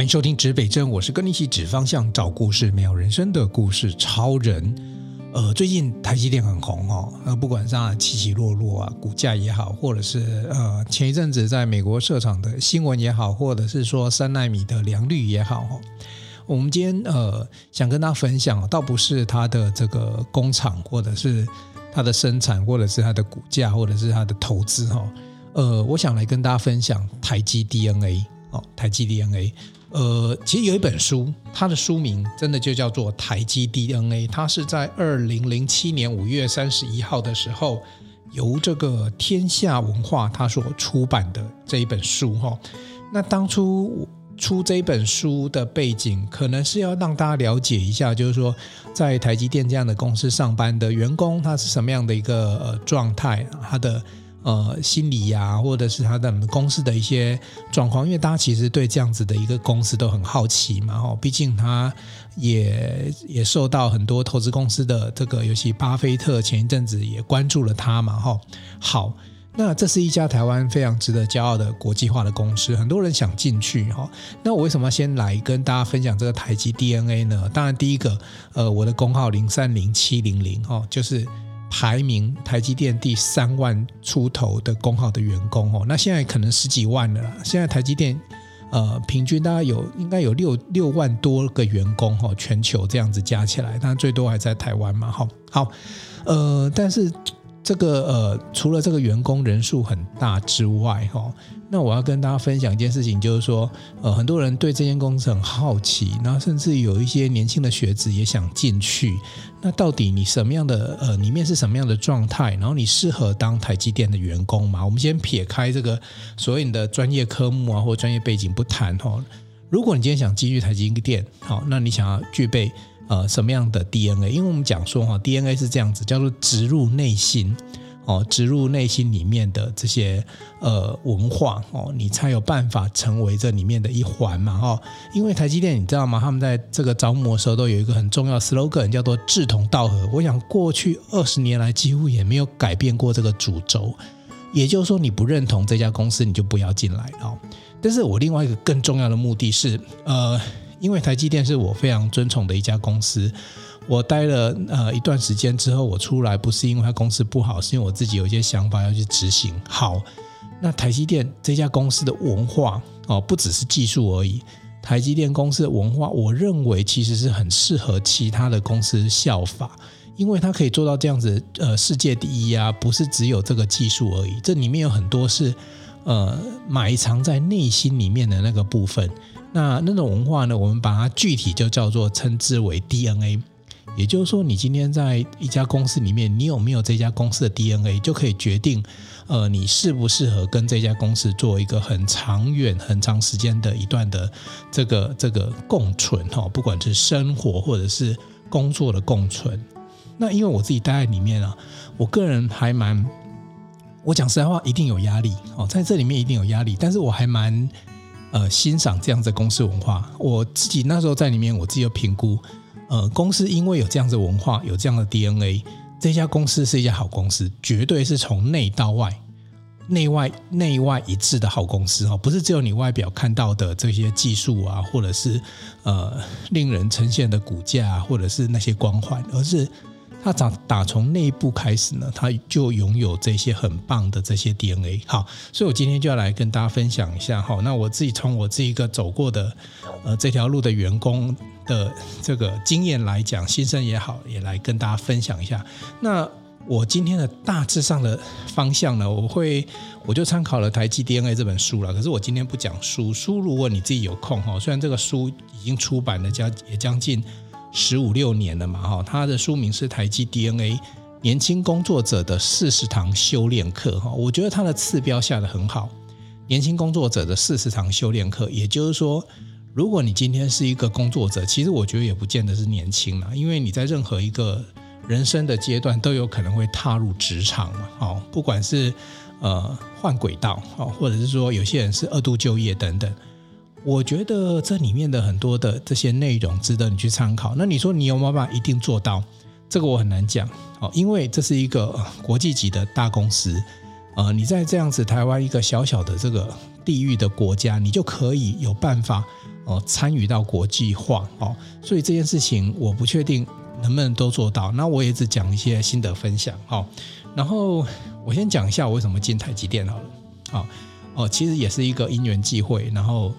歡迎收聽指北針，我是跟你一起指方向、找故事，沒有人生的故事超人。呃，最近台積電很紅哦，不管是他起起落落啊，股價也好，或者是呃前一陣子在美國設廠的新聞也好，或者是說三奈米的良率也好，哦，我們今天呃想跟大家分享，倒不是它的這個工廠，或者是它的生產，或者是它的股價，或者是它的投資，哦，哈，呃，我想來跟大家分享台積 DNA 哦，台積 DNA。呃，其實有一本書，它的書名真的就叫做《台積 DNA》，它是在二零零七年五月三十一號的時候由這個天下文化它所出版的這一本書哈。那當初出這本書的背景，可能是要讓大家了解一下，就是說在台積電這樣的公司上班的員工，他是什麼樣的一個呃狀態，他的。呃，心理呀、啊，或者是他的公司的一些狀況，因為大家其實對這樣子的一個公司都很好奇嘛、哦，哈，畢竟他也也受到很多投資公司的這個，尤其巴菲特前一陣子也關注了他嘛、哦，哈。好，那這是一家台灣非常值得驕傲的國際化的公司，很多人想進去、哦，哈。那我為什麼要先來跟大家分享這個台積 DNA 呢？當然，第一個，呃，我的工號零三零七零零，哈，就是。排名台積電第三萬出頭的工號的員工哦，那現在可能十幾萬了啦。現在台積電呃，平均大概有應該有六六萬多個員工哈、哦，全球這樣子加起來，但最多還在台灣嘛。好，好，呃，但是。這個呃，除了這個員工人數很大之外，哈、哦，那我要跟大家分享一件事情，就是說，呃，很多人對這間公司很好奇，然後甚至有一些年輕的學子也想進去。那到底你什麼樣的呃，裡面是什麼樣的狀態？然後你適合當台積電的員工嗎？我們先撇開這個所謂你的專業科目啊，或專業背景不談，哈、哦。如果你今天想進去台積電，好，那你想要具備。呃，什麼樣的 DNA？因為我們講說哈、哦，DNA 是這樣子，叫做植入內心，哦，植入內心裡面的這些呃文化，哦，你才有辦法成為這裡面的一環嘛，哈、哦，因為台積電你知道嗎？他們在這個招募的時候都有一個很重要的 slogan，叫做“志同道合”。我想過去二十年來幾乎也沒有改變過這個主軸，也就是說你不認同這家公司，你就不要進來哦。但是我另外一個更重要的目的是，呃。因為台積電是我非常尊崇的一家公司，我待了呃一段時間之後，我出來不是因為它公司不好，是因為我自己有一些想法要去執行。好，那台積電這家公司的文化哦、呃，不只是技術而已。台積電公司的文化，我認為其實是很適合其他的公司效法，因為它可以做到這樣子，呃，世界第一啊，不是只有這個技術而已，這裡面有很多是呃埋藏在內心裡面的那個部分。那那種文化呢？我們把它具體就叫做稱之為 DNA，也就是說，你今天在一家公司裡面，你有沒有這家公司的 DNA，就可以決定，呃，你適不適合跟這家公司做一個很長遠、很長時間的一段的這個這個共存哈、哦，不管是生活或者是工作的共存。那因為我自己待在裡面啊，我個人還蠻，我講實在話，一定有壓力哦，在這裡面一定有壓力，但是我還蠻。呃，欣賞這樣子的公司文化。我自己那時候在裡面，我自己有評估。呃，公司因為有這樣的文化，有這樣的 DNA，這家公司是一家好公司，絕對是從內到外、內外內外一致的好公司。哈，不是只有你外表看到的這些技術啊，或者是呃令人呈現的股價，啊，或者是那些光環，而是。他打打從內部開始呢，他就擁有這些很棒的這些 DNA。好，所以我今天就要來跟大家分享一下。好，那我自己從我這一個走過的呃這條路的員工的這個經驗來講，新生也好，也來跟大家分享一下。那我今天的大致上的方向呢，我會我就參考了《台積 DNA》這本書啦。可是我今天不講書，書如果你自己有空哈，雖然這個書已經出版了，將也將近。十五六年了嘛，哈，他的書名是《台積 DNA 年輕工作者的四十堂修煉課》，哈，我覺得他的次標下得很好。年輕工作者的四十堂修煉課。也就是說，如果你今天是一個工作者，其實我覺得也不見得是年輕啦，因為你在任何一個人生的階段都有可能會踏入職場嘛，好，不管是呃換軌道，好，或者是說有些人是二度就業等等。我覺得這裡面的很多的這些內容值得你去參考。那你說你有沒有辦法一定做到？這個我很難講哦，因為這是一個國際級的大公司，呃，你在這樣子台灣一個小小的這個地域的國家，你就可以有辦法哦參與到國際化哦。所以這件事情我不確定能不能都做到。那我也只講一些心得分享哦，然後我先講一下我為什麼進台積電好了。好哦，其實也是一個因緣際會，然後。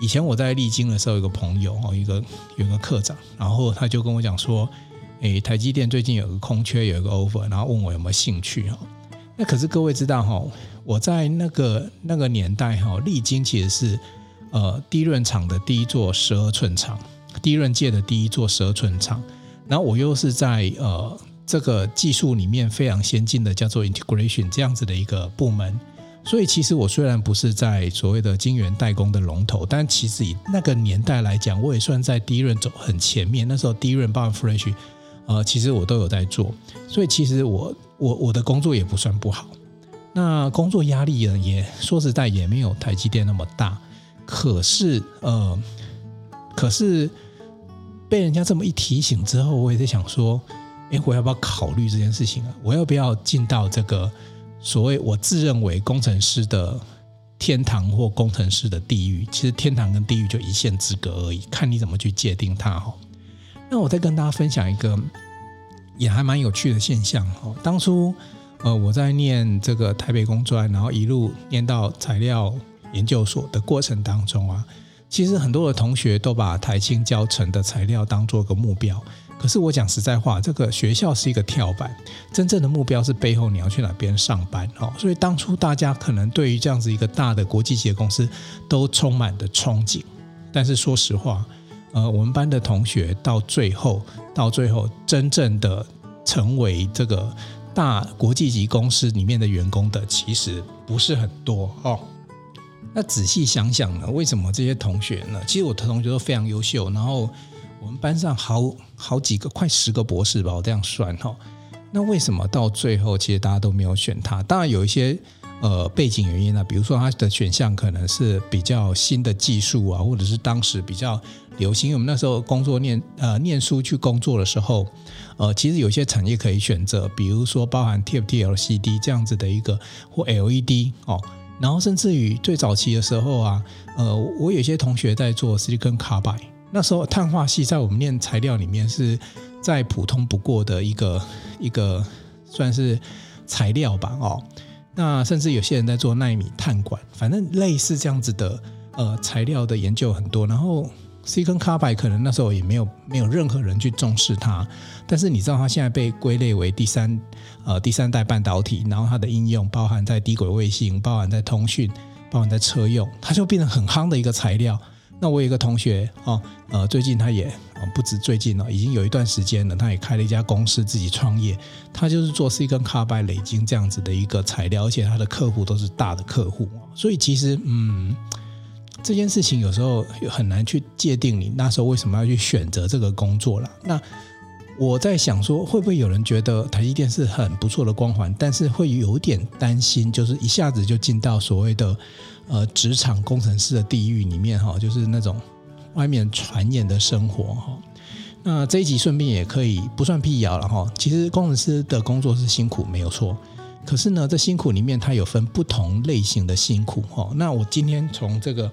以前我在力晶的時候，有一個朋友哈，有一個有一個課長，然後他就跟我講說，誒、欸，台積電最近有個空缺，有一個 offer，然後問我有沒有興趣哈。那可是各位知道哈，我在那個那個年代哈，力晶其實是呃，DRAM 廠的第一座十二寸廠，DRAM 界的第一座十二寸廠，然後我又是在呃這個技術裡面非常先進的叫做 integration 這樣子的一個部門。所以其實我雖然不是在所謂的晶圓代工的龍頭，但其實以那個年代來講，我也算在 DRAM 走很前面。那時候 DRAM 包括 French，呃，其實我都有在做。所以其實我我我的工作也不算不好，那工作壓力呢也，也說實在也沒有台積電那麼大。可是呃，可是被人家這麼一提醒之後，我也在想說，哎，我要不要考慮這件事情啊？我要不要進到這個？所謂我自認為工程師的天堂或工程師的地獄，其實天堂跟地獄就一線之隔而已，看你怎麼去界定它，哈。那我再跟大家分享一個也還蠻有趣的現象哈。當初呃我在念這個台北工專，然後一路念到材料研究所的過程當中啊，其實很多的同學都把台清交成的材料當作個目標。可是我講實在話，這個學校是一個跳板，真正的目標是背後你要去哪邊上班哦。所以當初大家可能對於這樣子一個大的國際級的公司都充滿的憧憬，但是說實話，呃，我們班的同學到最後，到最後真正的成為這個大國際級公司裡面的員工的，其實不是很多哦。那仔細想想呢，為什麼這些同學呢？其實我的同學都非常優秀，然後。我們班上好好幾個，快十個博士吧，我這樣算哈、哦。那為什麼到最後，其實大家都沒有選他？當然有一些呃背景原因啊，比如說他的選項可能是比較新的技術啊，或者是當時比較流行。我們那時候工作念呃念書去工作的時候，呃，其實有些產業可以選擇，比如說包含 TFT-LCD 這樣子的一個或 LED 哦，然後甚至於最早期的時候啊，呃，我有些同學在做 Silicon Carbide。那時候碳化矽，在我們念材料裡面是再普通不過的一個一個算是材料吧哦，那甚至有些人在做奈米碳管，反正類似這樣子的呃材料的研究很多。然後 C 跟 carbide 可能那時候也沒有沒有任何人去重視它，但是你知道它現在被歸類為第三呃第三代半導體，然後它的應用包含在低軌衛星，包含在通訊，包含在車用，它就變成很夯的一個材料。那我有一個同學啊、哦，呃，最近他也、哦、不止最近了、哦，已經有一段時間了，他也開了一家公司自己創業，他就是做是一個卡白累金這樣子的一個材料，而且他的客戶都是大的客戶。所以其實嗯，這件事情有時候很難去界定你那時候為什麼要去選擇這個工作了。那我在想說，會不會有人覺得台積電是很不錯的光環，但是會有點擔心，就是一下子就進到所謂的。呃，職場工程師的地獄裡面哈、哦，就是那種外面傳言的生活哈、哦。那這一集順便也可以不算闢謠了哈、哦。其實工程師的工作是辛苦沒有錯，可是呢，這辛苦裡面它有分不同類型的辛苦哈、哦。那我今天從這個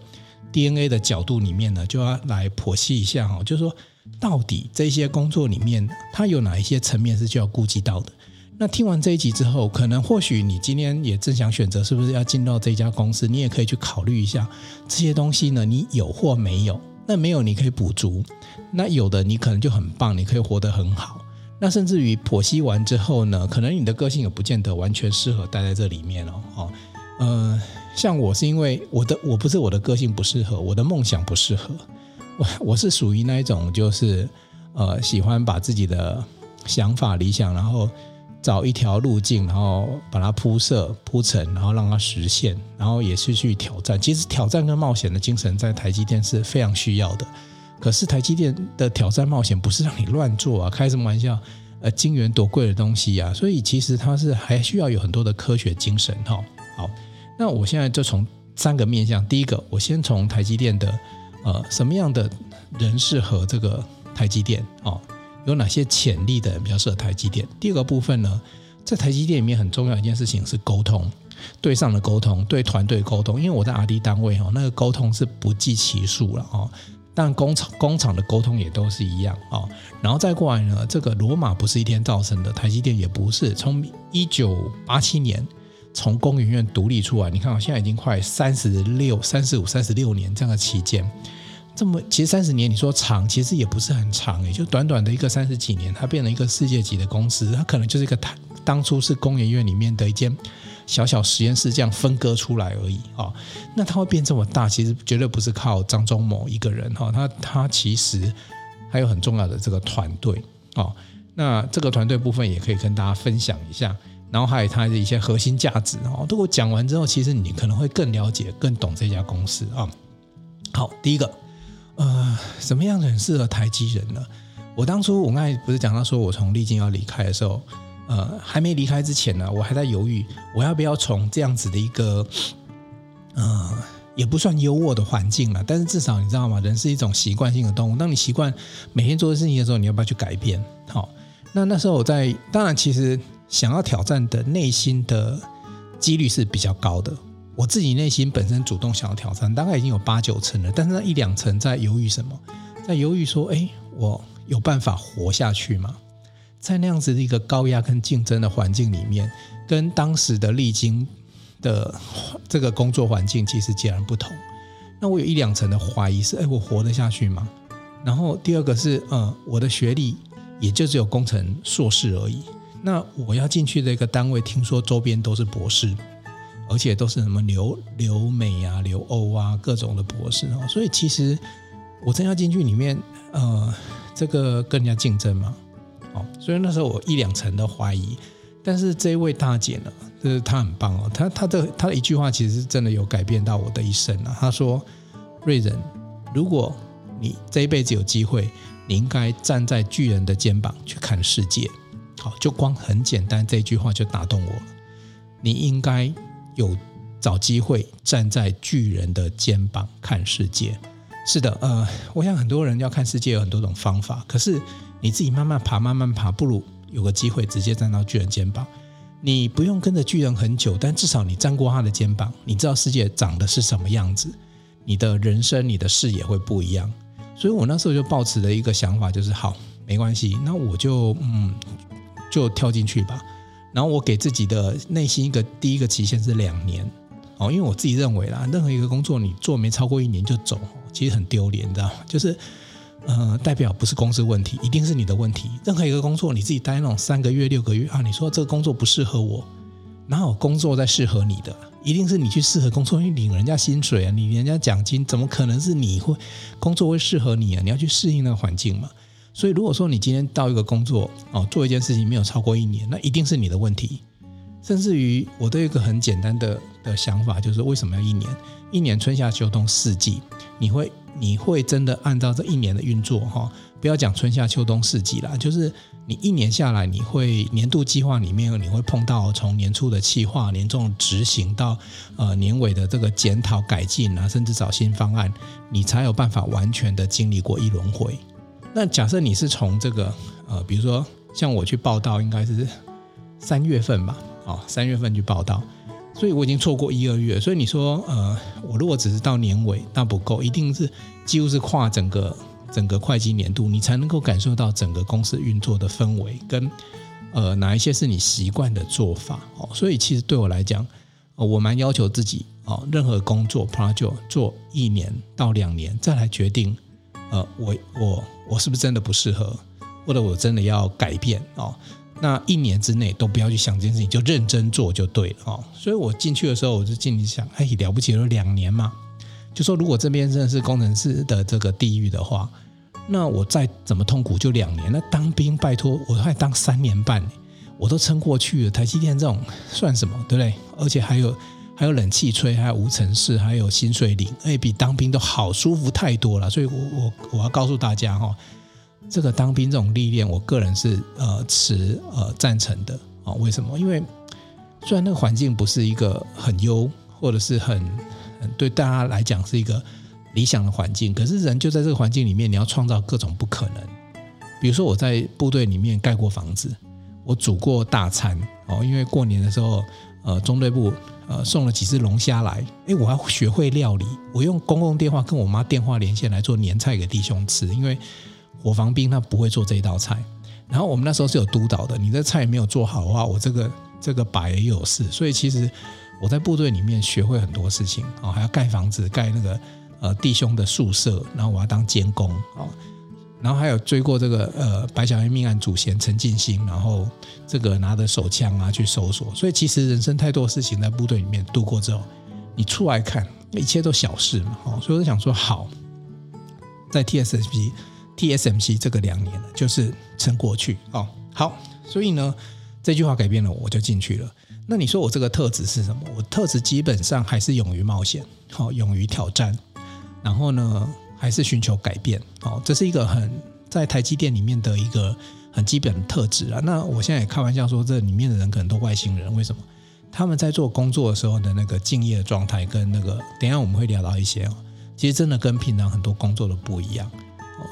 DNA 的角度裡面呢，就要來剖析一下哈、哦，就是說到底這些工作裡面，它有哪一些層面是需要顧及到的？那聽完這一集之後，可能或許你今天也正想選擇是不是要進到這家公司，你也可以去考慮一下這些東西呢，你有或沒有？那沒有你可以補足，那有的你可能就很棒，你可以活得很好。那甚至於剖析完之後呢，可能你的個性也不見得完全適合待在這裡面了。哦，哦，嗯，呃，像我是因為我的我不是我的個性不適合，我的夢想不適合，我我是屬於那一種就是，呃，喜歡把自己的想法、理想，然後。找一條路徑，然後把它鋪設、鋪成，然後讓它實現，然後也是去挑戰。其實挑戰跟冒險的精神在台積電是非常需要的。可是台積電的挑戰冒險不是讓你亂做啊，開什麼玩笑？呃、啊，晶圓多貴的東西啊！所以其實它是還需要有很多的科學精神哈、哦。好，那我現在就從三個面向，第一個，我先從台積電的呃什麼樣的人適合這個台積電啊？哦有哪些潛力的人比較適合台積電？第二個部分呢，在台積電裡面很重要一件事情是溝通，對上的溝通，對團隊溝通。因為我在 R&D 單位，那個溝通是不計其數了啊。但工廠工廠的溝通也都是一樣啊。然後再過來呢，這個羅馬不是一天造成的，台積電也不是從一九八七年從工研院獨立出來。你看啊，現在已經快三十六、三十五、三十六年這樣的期間。這麼其實三十年，你說長，其實也不是很長，也就短短的一個三十幾年，它變成一個世界級的公司，它可能就是一個，它當初是工研院裡面的一間小小實驗室這樣分割出來而已啊、哦。那它會變這麼大，其實絕對不是靠張忠謀一個人哈、哦，他他其實還有很重要的這個團隊哦。那這個團隊部分也可以跟大家分享一下，然後還有它的一些核心價值哦。如果講完之後，其實你可能會更了解、更懂這家公司啊、哦。好，第一個。呃，什麼樣子很適合台積人呢？我當初我剛才不是講到說我從麗晶要離開的時候，呃，還沒離開之前呢、啊，我還在猶豫我要不要從這樣子的一個，呃，也不算優渥的環境啦、啊，但是至少你知道嗎？人是一種習慣性的動物，當你習慣每天做的事情的時候，你要不要去改變？好、哦，那那時候我在，當然其實想要挑戰的內心的幾率是比較高的。我自己內心本身主動想要挑戰，大概已經有八九成了，但是那一兩成在猶豫什麼，在猶豫說，哎，我有辦法活下去嗎？在那樣子的一個高壓跟競爭的環境裡面，跟當時的歷經的這個工作環境其實截然不同。那我有一兩成的懷疑是，哎，我活得下去嗎？然後第二個是，嗯，我的學歷也就只有工程碩士而已。那我要進去的一個單位，聽說周邊都是博士。而且都是什麼留留美啊、留歐啊、各種的博士哦，所以其實我真要進去裡面，呃，這個跟人家競爭嘛，哦，所以那時候我一兩成都懷疑，但是這位大姐呢，就是她很棒哦，她她的她的一句話，其實真的有改變到我的一生了、啊。她說：“瑞仁，如果你這一輩子有機會，你應該站在巨人的肩膀去看世界。哦”好，就光很簡單這句話就打動我了。你應該。有找機會站在巨人的肩膀，看世界，是的，呃，我想很多人要看世界有很多種方法，可是你自己慢慢爬，慢慢爬，不如有個機會直接站到巨人肩膀，你不用跟着巨人很久，但至少你站過他的肩膀，你知道世界長得是什麼樣子，你的人生、你的視野會不一樣。所以我那時候就抱持的一個想法就是，好，沒關係，那我就嗯，就跳進去吧。然後我給自己的內心一個第一個期限是兩年，哦，因為我自己認為啦，任何一個工作你做沒超過一年就走，其實很丟臉的，就是，呃，代表不是公司問題，一定是你的問題。任何一個工作你自己待那種三個月、六個月啊，你說這個工作不適合我，哪有工作在適合你的？一定是你去適合工作，你領人家薪水啊，領人家獎金，怎麼可能是你會工作會適合你啊？你要去適應那個環境嘛。所以，如果說你今天到一個工作哦，做一件事情沒有超過一年，那一定是你的問題。甚至於，我有一個很簡單的的想法，就是為什麼要一年？一年春夏秋冬四季，你會你會真的按照這一年的運作哈、哦，不要講春夏秋冬四季了，就是你一年下來，你會年度計劃裡面，你會碰到從年初的計劃、年中的執行到呃年尾的這個檢討改進啊，甚至找新方案，你才有辦法完全的經歷過一輪回。那假設你是從這個，呃，比如說像我去報到，應該是三月份吧，啊，哦，三月份去報到，所以我已經錯過一二月，所以你說，呃，我如果只是到年尾，那不夠，一定是幾乎是跨整個整個會計年度，你才能夠感受到整個公司運作的氛圍，跟呃哪一些是你習慣的做法，哦，所以其實對我來講，呃，我蠻要求自己，哦，任何工作 project 做一年到兩年，再來決定。呃，我我我是不是真的不適合，或者我真的要改變哦？那一年之內都不要去想這件事情，就認真做就對了哦。所以我進去的時候，我就心裡想，哎、欸，了不起，有兩年嘛。就說如果這邊真的是工程師的這個地獄的話，那我再怎麼痛苦就兩年。那當兵拜托，我還當三年半，我都撐過去了。台積電這種算什麼，對不對？而且還有。還有冷氣吹，還有無塵室，還有薪水領，哎，比當兵都好舒服太多了。所以我，我我我要告訴大家哈，這個當兵這種歷練，我個人是呃持呃贊成的啊、哦。為什麼？因為雖然那個環境不是一個很優，或者是很很對大家來講是一個理想的環境，可是人就在這個環境裡面，你要創造各種不可能。比如說，我在部隊裡面蓋過房子，我煮過大餐哦，因為過年的時候。呃，中隊部呃送了幾隻龍蝦來，哎、欸，我要學會料理。我用公共電話跟我媽電話連線來做年菜給弟兄吃，因為伙房兵他不會做這一道菜。然後我們那時候是有督導的，你這菜沒有做好的話，我這個這個擺也有事。所以其實我在部隊裡面學會很多事情啊、哦，還要蓋房子，蓋那個呃弟兄的宿舍，然後我要當監工啊。哦然後還有追過這個呃白曉燕命案主嫌陳進興，然後這個拿着手槍啊去搜索，所以其實人生太多事情在部隊裡面度過之後，你出來看一切都小事嘛哦，所以我就想說好，在 TSMC TSMC 這個兩年就是撐過去哦好，所以呢這句話改變了我就進去了，那你說我這個特質是什麼？我特質基本上還是勇於冒險，好、哦、勇於挑戰，然後呢？還是尋求改變哦，這是一個很在台積電裡面的一個很基本的特質啊。那我現在也開玩笑說，這裡面的人可能都外星人，為什麼？他們在做工作的時候的那個敬業狀態，跟那個等一下我們會聊到一些哦，其實真的跟平常很多工作都不一樣。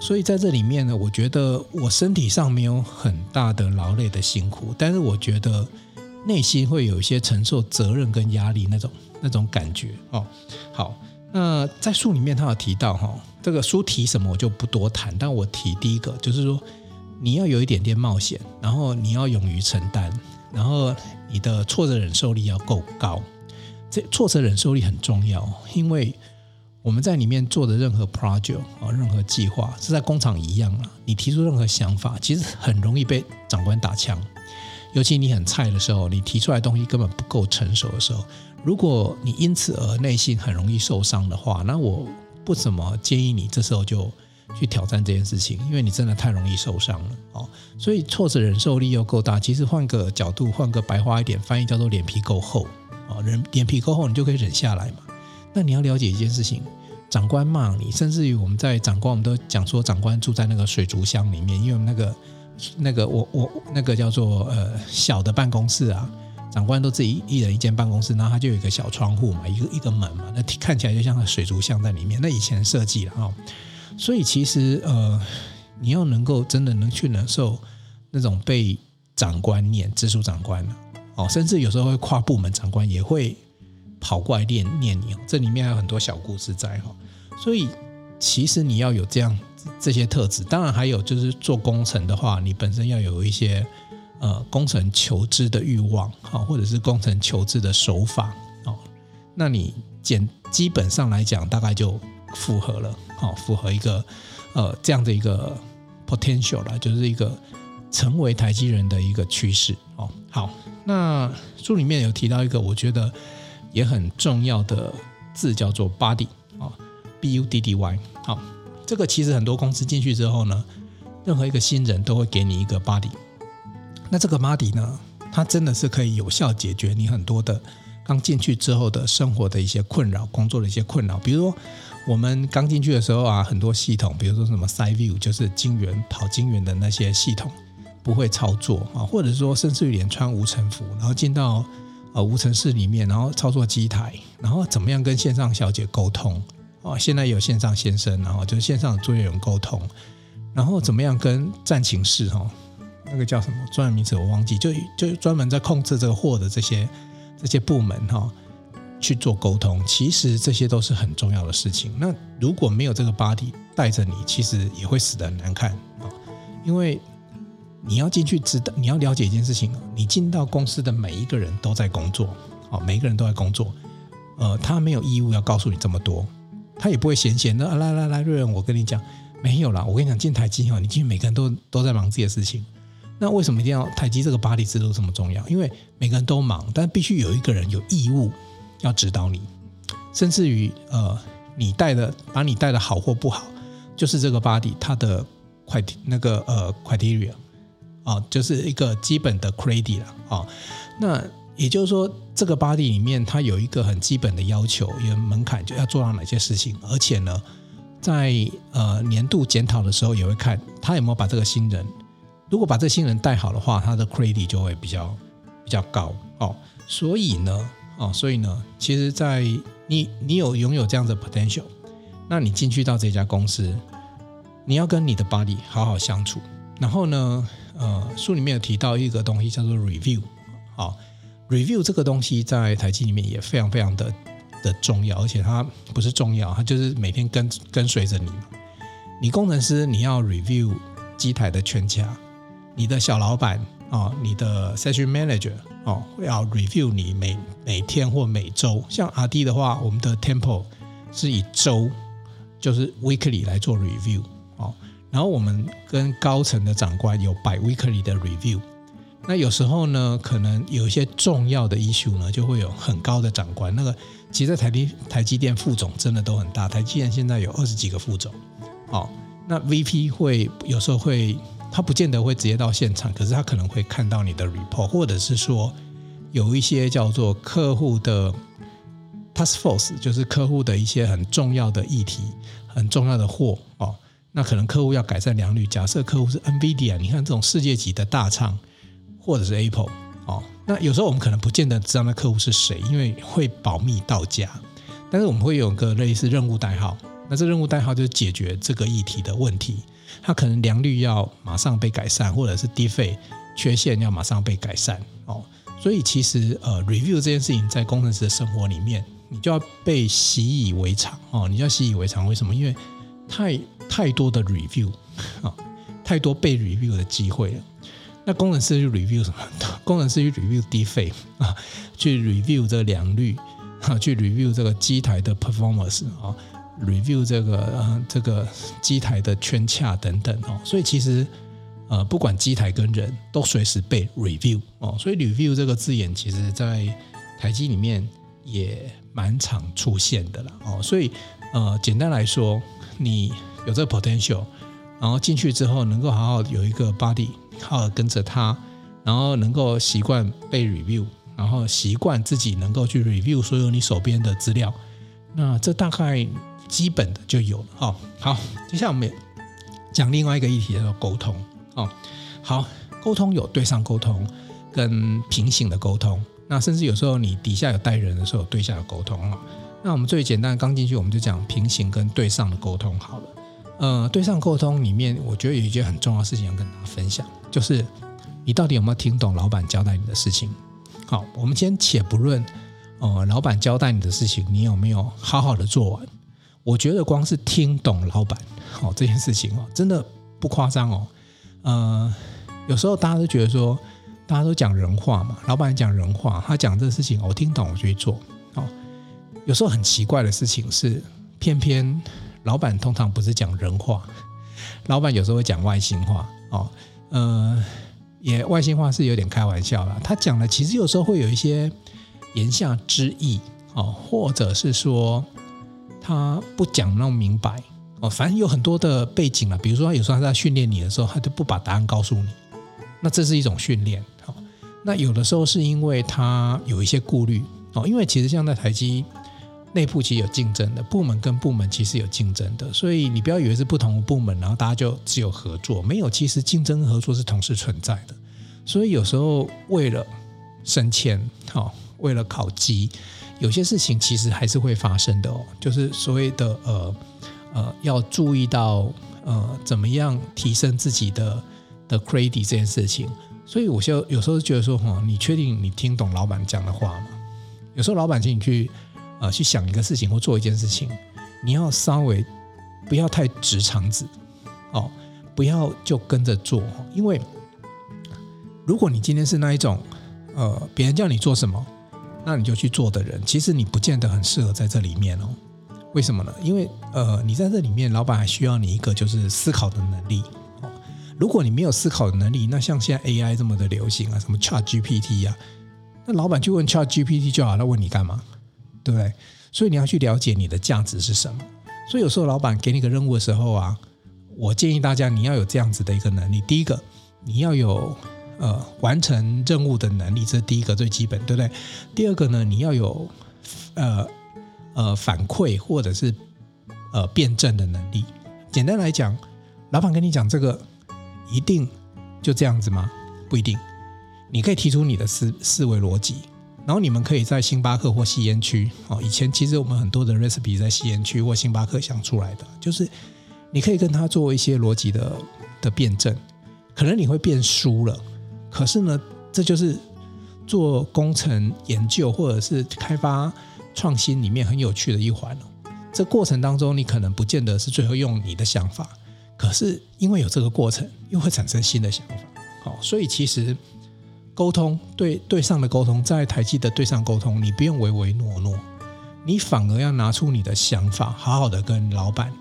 所以在這裡面呢，我覺得我身體上沒有很大的勞累的辛苦，但是我覺得內心會有一些承受責任跟壓力那種那種感覺哦。好。那在書裡面，他有提到哈，這個書提什麼我就不多談。但我提第一個就是說，你要有一點點冒險，然後你要勇於承擔，然後你的挫折忍受力要夠高。這挫折忍受力很重要，因為我們在裡面做的任何 project 啊，任何計劃是在工廠一樣啊，你提出任何想法，其實很容易被長官打槍。尤其你很菜的時候，你提出來的東西根本不夠成熟的時候。如果你因此而內心很容易受傷的話，那我不怎麼建議你這時候就去挑戰這件事情，因為你真的太容易受傷了哦。所以挫折忍受力又夠大，其實換個角度，換個白話一點翻譯叫做臉皮夠厚哦，人臉皮夠厚，你就可以忍下來嘛。那你要了解一件事情，長官罵你，甚至於我們在長官，我們都講說，長官住在那個水族箱裡面，因為我們那個那個我我那個叫做呃小的辦公室啊。長官都自己一人一間辦公室，然後他就有一個小窗戶嘛，一個一個門嘛，那看起來就像個水族箱在裡面。那以前設計的哈、哦，所以其實呃，你要能夠真的能去忍受那種被長官念直屬長官的、啊、哦，甚至有時候會跨部門長官也會跑過來念念你哦。這裡面還有很多小故事在哈、哦，所以其實你要有這樣這些特質，當然還有就是做工程的話，你本身要有一些。呃，工程求知的欲望，哈，或者是工程求知的手法，哦，那你簡基本上來講，大概就符合了，哦，符合一個呃這樣的一個 potential 了，就是一個成為台積人的一個趨勢，哦，好，那書裡面有提到一個我覺得也很重要的字，叫做 body，哦，B U D D Y，好，哦，這個其實很多公司進去之後呢，任何一個新人都會給你一個 body。那這個瑪 y 呢，它真的是可以有效解決你很多的剛進去之後的生活的一些困擾，工作的一些困擾。比如說我們剛進去的時候啊，很多系統，比如說什麼 Side View，就是金元跑金元的那些系統不會操作啊，或者說甚至連穿無塵服，然後進到呃無塵室裡面，然後操作機台，然後怎麼樣跟線上小姐溝通啊？現在有線上先生，然後就是線上作業人溝通，然後怎麼樣跟站寢室哈？那個叫什麼專業名詞？我忘記，就就專門在控制這個貨的這些這些部門哈、哦，去做溝通。其實這些都是很重要的事情。那如果沒有這個 body 帶着你，其實也會死的很難看、哦、因為你要進去知道，你要了解一件事情，你進到公司的每一個人都在工作啊、哦，每一個人都在工作。呃，他沒有義務要告訴你這麼多，他也不會閑閑的、啊、來來來，瑞仁，我跟你講，沒有啦，我跟你講，進台積啊，你進去，每個人都都在忙自己的事情。那為什麼一定要台積這個 buddy 制度這麼重要？因為每個人都忙，但必須有一個人有義務要指導你，甚至於呃，你帶的把你帶的好或不好，就是這個 buddy 它的 criter 那個呃 criteria 啊，就是一個基本的 credit 啊、哦。那也就是說，這個 buddy 裡面它有一個很基本的要求，有門檻，就要做到哪些事情，而且呢，在呃年度檢討的時候也會看他有沒有把這個新人。如果把這新人帶好的話，他的 credit 就會比較比較高哦。所以呢，哦，所以呢，其實在，在你你有擁有這樣的 potential，那你進去到這家公司，你要跟你的 body 好好相處。然後呢，呃，書裡面有提到一個東西叫做 review，好、哦，review 這個東西在台積裡面也非常非常的的重要，而且它不是重要，它就是每天跟跟隨着你。你工程師，你要 review 機台的全家。你的小老闆啊、哦，你的 section manager 哦，要 review 你每每天或每週。像 RD 的話，我們的 tempo 是以週，就是 weekly 來做 review 哦。然後我們跟高層的長官有 biweekly 的 review。那有時候呢，可能有一些重要的 issue 呢，就會有很高的長官。那個其實台積台積電副總真的都很大，台積電現在有二十幾個副總哦。那 VP 會有時候會。他不見得會直接到現場，可是他可能會看到你的 report，或者是說有一些叫做客戶的 task force，就是客戶的一些很重要的議題、很重要的貨哦。那可能客戶要改善良率，假設客戶是 NVIDIA，你看這種世界級的大廠，或者是 Apple 哦。那有時候我們可能不見得知道那客戶是誰，因為會保密到家。但是我們會有一個類似任務代號，那這任務代號就是解決這個議題的問題。它可能良率要馬上被改善，或者是低費缺陷要馬上被改善哦。所以其實呃，review 這件事情在工程師的生活裡面，你就要被習以為常哦。你就要習以為常，為什麼？因為太太多的 review 啊、哦，太多被 review 的機會了。那工程師去 review 什麼？工程師去 review 低費啊，去 review 這個良率、啊、去 review 這個機台的 performance 啊、哦。review 這個、呃、這個機台的圈恰等等哦，所以其實呃，不管機台跟人都隨時被 review 哦，所以 review 這個字眼其實在台積裡面也蠻常出現的啦。哦，所以呃，簡單來說，你有這個 potential，然後進去之後能夠好好有一個 body，好好跟着他，然後能夠習慣被 review，然後習慣自己能夠去 review 所有你手邊的資料，那這大概，基本的就有了哦。好，接下來我們講另外一個議題叫做溝通哦。好，溝通有對上溝通跟平行的溝通，那甚至有時候你底下有帶人的時候，對下的溝通哦。那我們最簡單，剛進去我們就講平行跟對上的溝通好了。呃，對上溝通裡面，我覺得有一件很重要的事情要跟大家分享，就是你到底有沒有聽懂老闆交代你的事情？好，哦，我們先且不論，呃，老闆交代你的事情你有沒有好好的做完。我覺得光是聽懂老闆哦這件事情哦，真的不誇張哦、呃。有時候大家都覺得說，大家都講人話嘛，老闆講人話，他講這個事情，我聽懂我就去做哦。有時候很奇怪的事情是，偏偏老闆通常不是講人話，老闆有時候會講外星話哦、呃。也外星話是有點開玩笑啦，他講的其實有時候會有一些言下之意哦，或者是說。他不講那麼明白哦，反正有很多的背景了。比如說，有時候他在訓練你的時候，他就不把答案告訴你。那這是一種訓練。好，那有的時候是因為他有一些顧慮哦，因為其實像在台積內部其實有競爭的，部門跟部門其實有競爭的。所以你不要以為是不同的部門，然後大家就只有合作，沒有。其實競爭合作是同時存在的。所以有時候為了升遷，好，為了考績。有些事情其實還是會發生的哦，就是所謂的呃呃，要注意到呃怎麼樣提升自己的的 creativity 這件事情。所以，我就有時候覺得說，哈、哦，你確定你聽懂老闆講的話嗎？有時候老闆請你去啊、呃，去想一個事情或做一件事情，你要稍微不要太直腸子哦，不要就跟着做，因為如果你今天是那一種呃，別人叫你做什麼。那你就去做的人，其實你不見得很適合在這裡面哦。為什麼呢？因為呃，你在這裡面，老板還需要你一個就是思考的能力哦。如果你沒有思考的能力，那像現在 AI 這麼的流行啊，什麼 ChatGPT 呀、啊，那老板去問 ChatGPT 就好了，那問你幹嘛？對不對，所以你要去了解你的價值是什麼。所以有時候老板給你個任務的時候啊，我建議大家你要有這樣子的一個能力。第一個，你要有。呃，完成任務的能力，這是第一個最基本，對不對？第二個呢，你要有呃呃反饋或者是呃辯證的能力。簡單來講，老闆跟你講這個，一定就這樣子嗎？不一定。你可以提出你的思思維邏輯，然後你們可以在星巴克或吸煙區。哦，以前其實我們很多的 recipe 在吸煙區或星巴克想出來的，就是你可以跟他做一些邏輯的的辯證，可能你會變輸了。可是呢，這就是做工程研究或者是開發創新裡面很有趣的一環哦。這過程當中，你可能不見得是最後用你的想法，可是因為有這個過程，又會產生新的想法。好，哦，所以其實溝通對對上的溝通，在台積的對上溝通，你不用唯唯諾諾，你反而要拿出你的想法，好好的跟老板，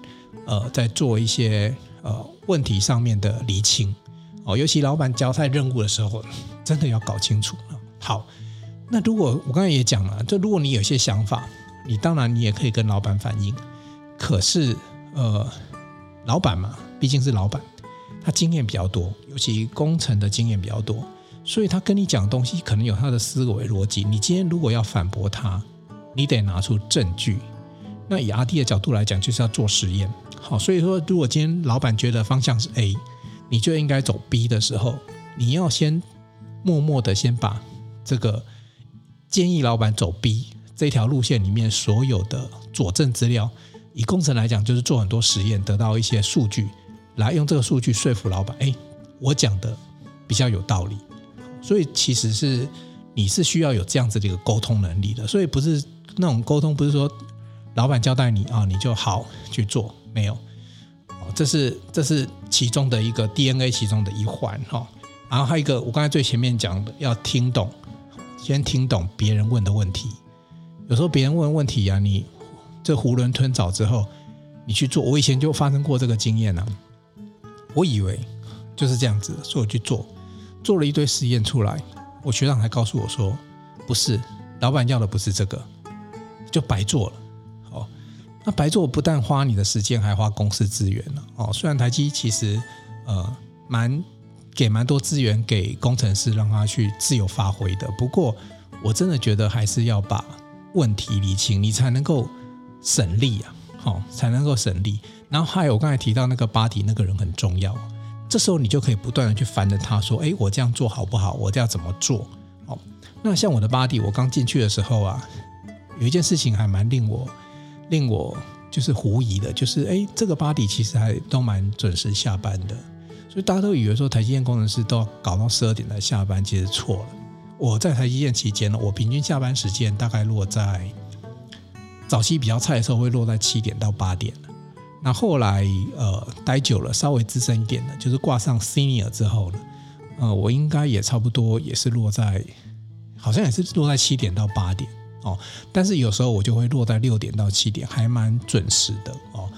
呃，在做一些呃問題上面的釐清。哦，尤其老闆交代任務的時候，真的要搞清楚。好，那如果我剛才也講了，就如果你有些想法，你當然你也可以跟老闆反映。可是，呃，老闆嘛，畢竟是老闆，他經驗比較多，尤其工程的經驗比較多，所以他跟你講東西可能有他的思維邏輯。你今天如果要反駁他，你得拿出證據。那以 RD 的角度來講，就是要做實驗。好，所以說，如果今天老闆覺得方向是 A。你就應該走 B 的時候，你要先默默的先把這個建議老板走 B 這條路線裡面所有的佐證資料，以工程來講就是做很多實驗，得到一些數據，來用這個數據說服老板。哎，我講的比較有道理，所以其實是你是需要有這樣子的一個溝通能力的。所以不是那種溝通，不是說老板交代你啊，你就好去做，沒有。這是這是其中的一個 DNA，其中的一環哈、哦。然後還有一個，我剛才最前面講的，要聽懂，先聽懂別人問的問題。有時候別人問問題呀、啊，你這囫圇吞棗之後，你去做。我以前就發生過這個經驗呢、啊。我以為就是這樣子，所以我去做，做了一堆實驗出來。我學長還告訴我說，不是，老板要的不是這個，就白做了。那白做不但花你的時間，還花公司資源、啊、哦。雖然台積其實呃蠻給蠻多資源給工程師，讓他去自由發揮的。不過我真的覺得還是要把問題理清，你才能夠省力啊、哦，好才能夠省力。然後還有我剛才提到那個巴迪，那個人很重要。這時候你就可以不斷地去煩着他說：“哎，我這樣做好不好？我這樣怎麼做？”哦，那像我的巴迪，我剛進去的時候啊，有一件事情還蠻令我。令我就是狐疑的，就是誒這個 buddy 其實還都蠻準時下班的，所以大家都以為說台積電工程師都要搞到十二點才下班，其實錯了。我在台積電期間呢，我平均下班時間大概落在早期比較菜的時候會落在七點到八點，那後來呃待久了，稍微資深一點的，就是掛上 senior 之後呢，呃，我應該也差不多也是落在，好像也是落在七點到八點。哦，但是有時候我就會落在六點到七點，還蠻準時的哦，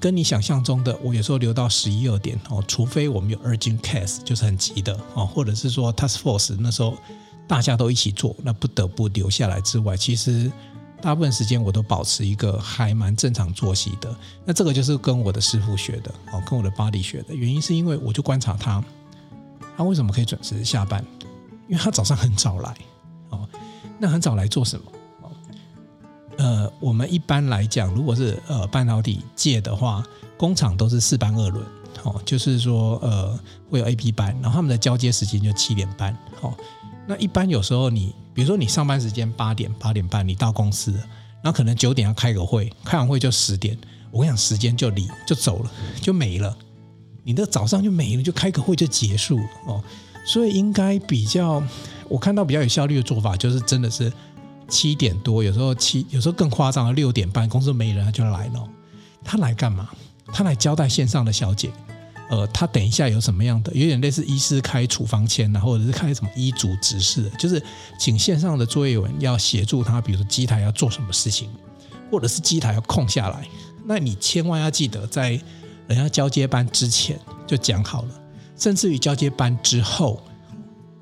跟你想象中的，我有時候留到十一二點哦，除非我們有 urgent case，就是很急的哦，或者是說 task force 那時候大家都一起做，那不得不留下來之外，其實大部分時間我都保持一個還蠻正常作息的。那這個就是跟我的師傅學的哦，跟我的巴 y 學的原因是因為我就觀察他，他為什麼可以準時下班？因為他早上很早來哦，那很早來做什麼？呃，我們一般來講，如果是呃半導體界的話，工廠都是四班二輪，哦，就是說呃會有 AP 班，然後他們的交接時間就七點半，哦，那一般有時候你比如說你上班時間八點八點半你到公司，然後可能九點要開個會，開完會就十點，我跟你講時間就離就走了，就沒了，你的早上就沒了，就開個會就結束了哦，所以應該比較我看到比較有效率的做法就是真的是。七點多，有時候七，有時候更誇張，六點半公司沒人他就來了。他來幹嘛？他來交代線上的小姐，呃，他等一下有什麼樣的，有點類似醫師開處方箋啊，或者是開什麼醫囑指示，就是請線上的作業員要協助他，比如說機台要做什麼事情，或者是機台要空下來。那你千萬要記得，在人家交接班之前就講好了，甚至於交接班之後，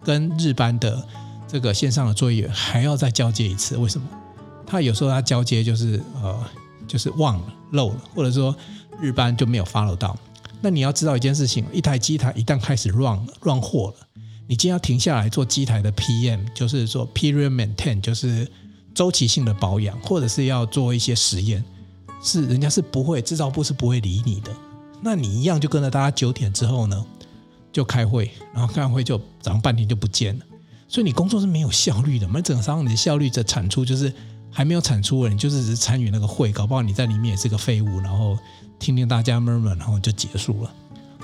跟日班的。這個線上的作業還要再交接一次，為什麼？他有時候他交接就是呃，就是忘了漏了，或者說日班就沒有 follow 到。那你要知道一件事情，一台機台一旦開始 run run 貨了，你今天要停下來做機台的 PM，就是說 period maintain，就是周期性的保養，或者是要做一些實驗，是人家是不會制造部是不會理你的。那你一樣就跟着大家九點之後呢，就開會，然後開會就早上半天就不見了。所以你工作是沒有效率的嘛，我整個商，你的效率的產出就是還沒有產出，你就是參與那個會，搞不好你在裡面也是個廢物，然後聽聽大家悶悶，然後就結束了。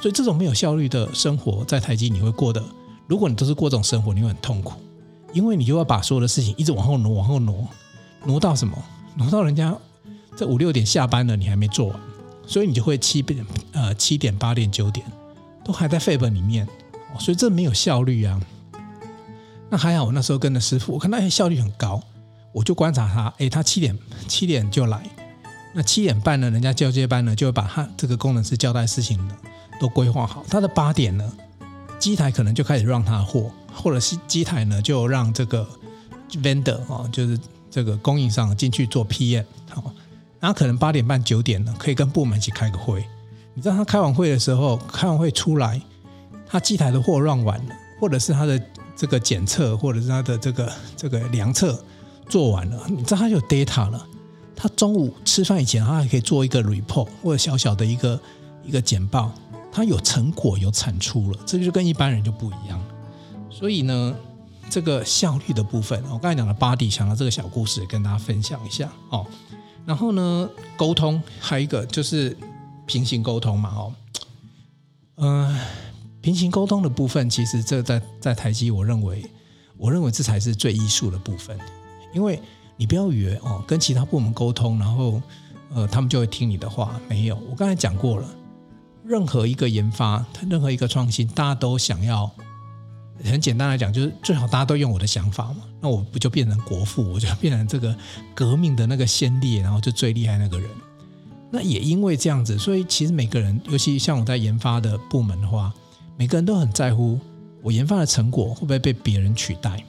所以這種沒有效率的生活，在台積你會過得，如果你都是過這種生活，你會很痛苦，因為你就要把所有的事情一直往後挪，往後挪，挪到什麼？挪到人家在五六點下班了，你還沒做完，所以你就會七點、呃七點、八點、九點都還在 fab 裡面、哦，所以這沒有效率啊。那還好，我那時候跟着師傅，我看到誒效率很高，我就觀察他，誒、欸，他七點七點就來，那七點半呢，人家交接班呢，就會把他這個工程師交代事情的都規劃好，他的八點呢，機台可能就開始 run 他的貨，或者是機台呢就讓這個 vendor 啊，就是這個供應商進去做 PM，哦，那可能八點半九點呢可以跟部門一起開個會，你知道他開完會的時候，開完會出來，他機台的貨 run 完了，或者是他的。這個檢測或者是他的這個這個量測做完了，你知道他有 data 了。他中午吃飯以前，他還可以做一個 report 或者小小的一個一個簡報，他有成果有產出了，這就跟一般人就不一樣。所以呢，這個效率的部分，我剛才講了 Buddy 講了這個小故事，跟大家分享一下哦。然後呢，溝通，還有一個就是平行溝通嘛，哦，嗯、呃。平行溝通的部分，其實這在在台積，我認為我認為這才是最藝術的部分，因為你不要以為哦，跟其他部門溝通，然後呃，他們就會聽你的話，沒有。我剛才講過了，任何一個研發，任何一個創新，大家都想要。很簡單來講，就是最好大家都用我的想法嘛，那我不就變成國父，我就變成這個革命的那個先烈，然後就最厲害那個人。那也因為這樣子，所以其實每個人，尤其像我在研發的部門的話。每個人都很在乎我研發的成果會不會被別人取代？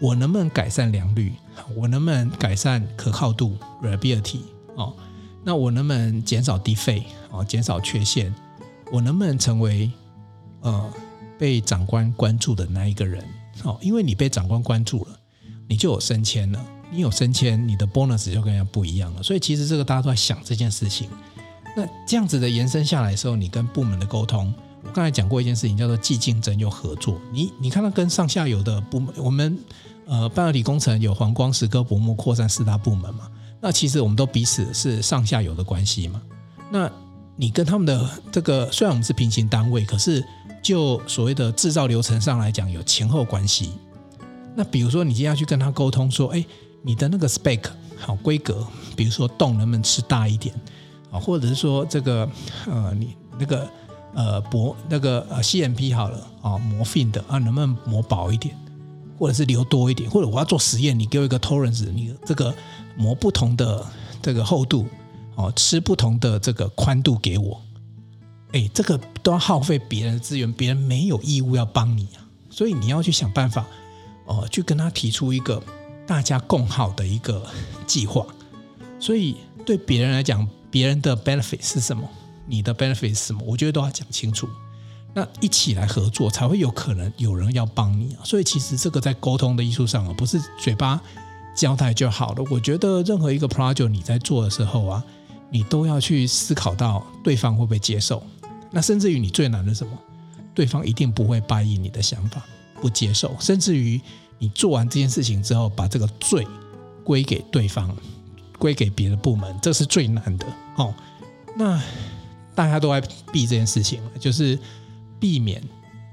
我能不能改善良率？我能不能改善可靠度 reliability，哦，那我能不能減少 defect？哦，減少缺陷？我能不能成為呃被長官關注的那一個人？哦，因為你被長官關注了，你就有升遷了。你有升遷，你的 bonus 就跟人家不一樣了。所以其實這個大家都在想這件事情。那這樣子的延伸下來的時候，你跟部門的溝通。我剛才講過一件事情，叫做既競爭又合作你。你你看，它跟上下游的部門，我們呃半導體工程有黃光、蝕刻、薄膜、擴散四大部門嘛。那其實我們都彼此是上下游的關係嘛。那你跟他們的這個，雖然我們是平行單位，可是就所謂的制造流程上來講，有前後關係。那比如說，你今天要去跟他溝通說，哎，你的那個 spec 好規格，比如說洞能不能吃大一點啊，或者是說這個呃你那個。呃，薄那個呃 CMP 好了啊、哦，磨 fine 的啊，能不能磨薄一點，或者是留多一點，或者我要做實驗，你給我一個 tolerance，你這個磨不同的這個厚度，哦，吃不同的這個寬度給我，哎，這個都要耗費別人的資源，別人沒有義務要幫你啊，所以你要去想辦法，哦、呃，去跟他提出一個大家共好的一個計劃，所以對別人來講，別人的 benefit 是什麼？你的 benefit 是什麼？我覺得都要講清楚，那一起來合作才會有可能有人要幫你啊。所以其實這個在溝通的藝術上啊，不是嘴巴交代就好了。我覺得任何一個 project 你在做的時候啊，你都要去思考到對方會不會接受。那甚至於你最難的什麼？對方一定不會 buy 你的想法，不接受。甚至於你做完這件事情之後，把這個罪歸給對方，歸給別的部門，這是最難的哦。那。大家都在避這件事情，就是避免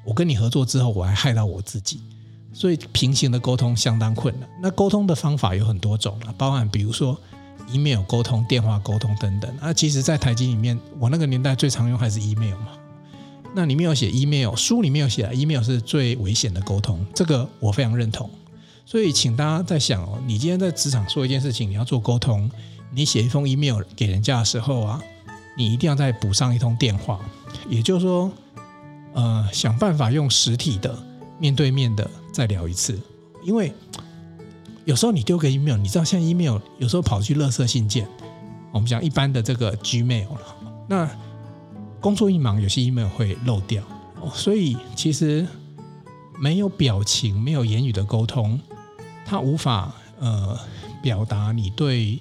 我跟你合作之後，我還害到我自己，所以平行的溝通相當困難。那溝通的方法有很多種了，包含比如說 email 溝通、電話溝通等等。那、啊、其實，在台積裡面，我那個年代最常用還是 email 嘛。那裡面有寫 email，書裡面有寫 email 是最危險的溝通，這個我非常認同。所以，請大家在想哦，你今天在職場說一件事情，你要做溝通，你寫一封 email 給人家的時候啊。你一定要再補上一通電話，也就是說，呃，想辦法用實體的、面對面的再聊一次。因為有時候你丟個 email，你知道現在 email 有時候跑去垃圾信件，我們講一般的這個 Gmail 了那工作一忙，有些 email 會漏掉，所以其實沒有表情、沒有言語的溝通，它無法呃表達你對。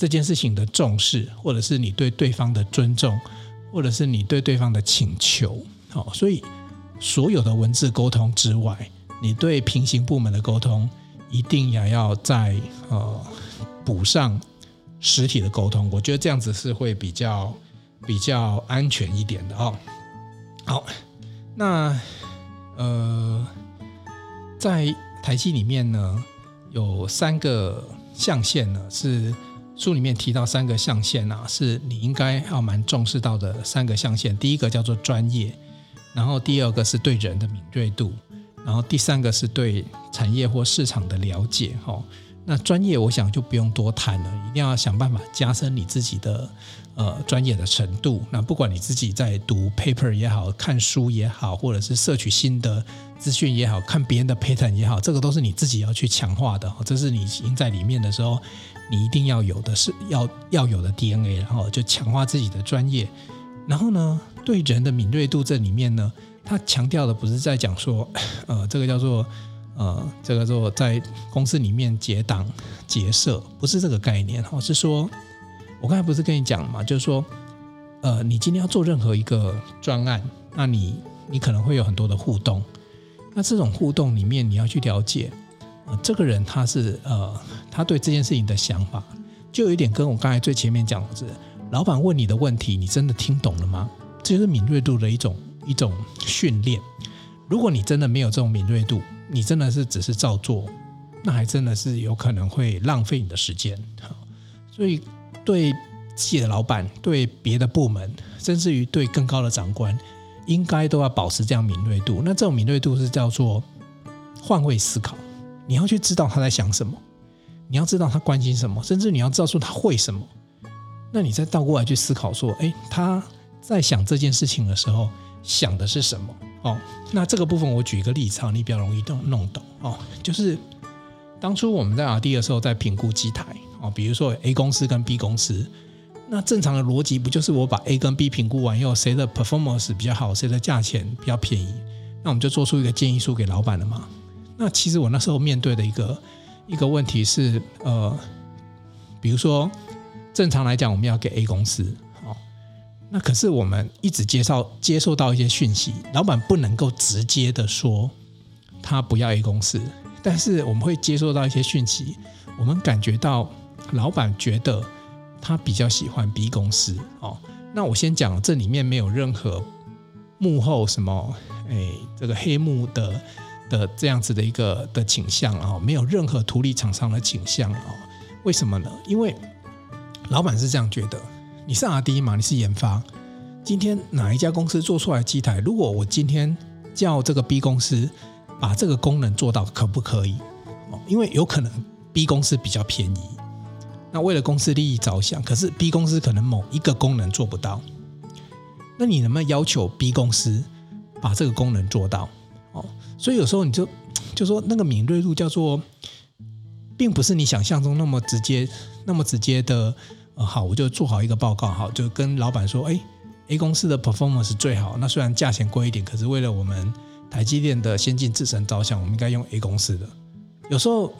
這件事情的重視，或者是你對對方的尊重，或者是你對對方的請求，所以所有的文字溝通之外，你對平行部門的溝通一定也要再呃補上實體的溝通，我覺得這樣子是會比較比較安全一點的哦，好，那呃，在台積裡面呢，有三個象限呢是。書裡面提到三個象限，啊，是你應該要蠻重視到的三個象限。第一個叫做專業，然後第二個是對人的敏銳度，然後第三個是對產業或市場的了解。哈，那專業我想就不用多談了，一定要想辦法加深你自己的呃專業的程度。那不管你自己在讀 paper 也好，看書也好，或者是攝取新的資訊也好，看別人的 pattern 也好，這個都是你自己要去強化的。這是你已經在裡面的時候。你一定要有的是，要要有的 DNA，然後就強化自己的專業。然後呢，對人的敏銳度這裡面呢，他強調的不是在講說，呃，這個叫做，呃，這個叫做在公司裡面結黨結社，不是這個概念哦，是說，我剛才不是跟你講了嘛，就是說，呃，你今天要做任何一個專案，那你你可能會有很多的互動，那這種互動裡面你要去了解。這個人他是呃，他對這件事情的想法，就有一點跟我剛才最前面講的是，老闆問你的問題，你真的聽懂了嗎？這是敏銳度的一種一種訓練。如果你真的沒有這種敏銳度，你真的是只是照做，那還真的是有可能會浪費你的時間。所以對自己的老闆、對別的部門，甚至於對更高的長官，應該都要保持這樣敏銳度。那這種敏銳度是叫做換位思考。你要去知道他在想什麼，你要知道他關心什麼，甚至你要知道說他會什麼，那你再倒過來去思考說，哎，他在想這件事情的時候想的是什麼？哦，那這個部分我舉一個例子，你比較容易弄弄懂哦。就是當初我們在 R D 的時候在評估機台哦，比如說 A 公司跟 B 公司，那正常的邏輯不就是我把 A 跟 B 評估完以後，誰的 performance 比較好，誰的價錢比較便宜，那我們就做出一個建議書給老板了嘛。那其實我那時候面對的一個一個問題是，呃，比如說正常來講，我們要給 A 公司，哦，那可是我們一直接受接受到一些訊息，老板不能夠直接的說他不要 A 公司，但是我們會接受到一些訊息，我們感覺到老板覺得他比較喜歡 B 公司，哦，那我先講，這裡面沒有任何幕後什麼，哎，這個黑幕的。的這樣子的一個的傾向啊，沒有任何圖利廠商的傾向啊？為什麼呢？因為老闆是這樣覺得，你是 RD 嘛，你是研發。今天哪一家公司做出來機台？如果我今天叫這個 B 公司把這個功能做到，可不可以？哦，因為有可能 B 公司比較便宜，那為了公司利益着想，可是 B 公司可能某一個功能做不到，那你能不能要求 B 公司把這個功能做到？所以有時候你就就說那個敏銳度叫做，並不是你想象中那麼直接，那麼直接的。呃、好，我就做好一個報告，好就跟老板說，哎、欸，A 公司的 performance 是最好，那雖然價錢貴一點，可是為了我們台積電的先進製程着想，我們應該用 A 公司的。有時候，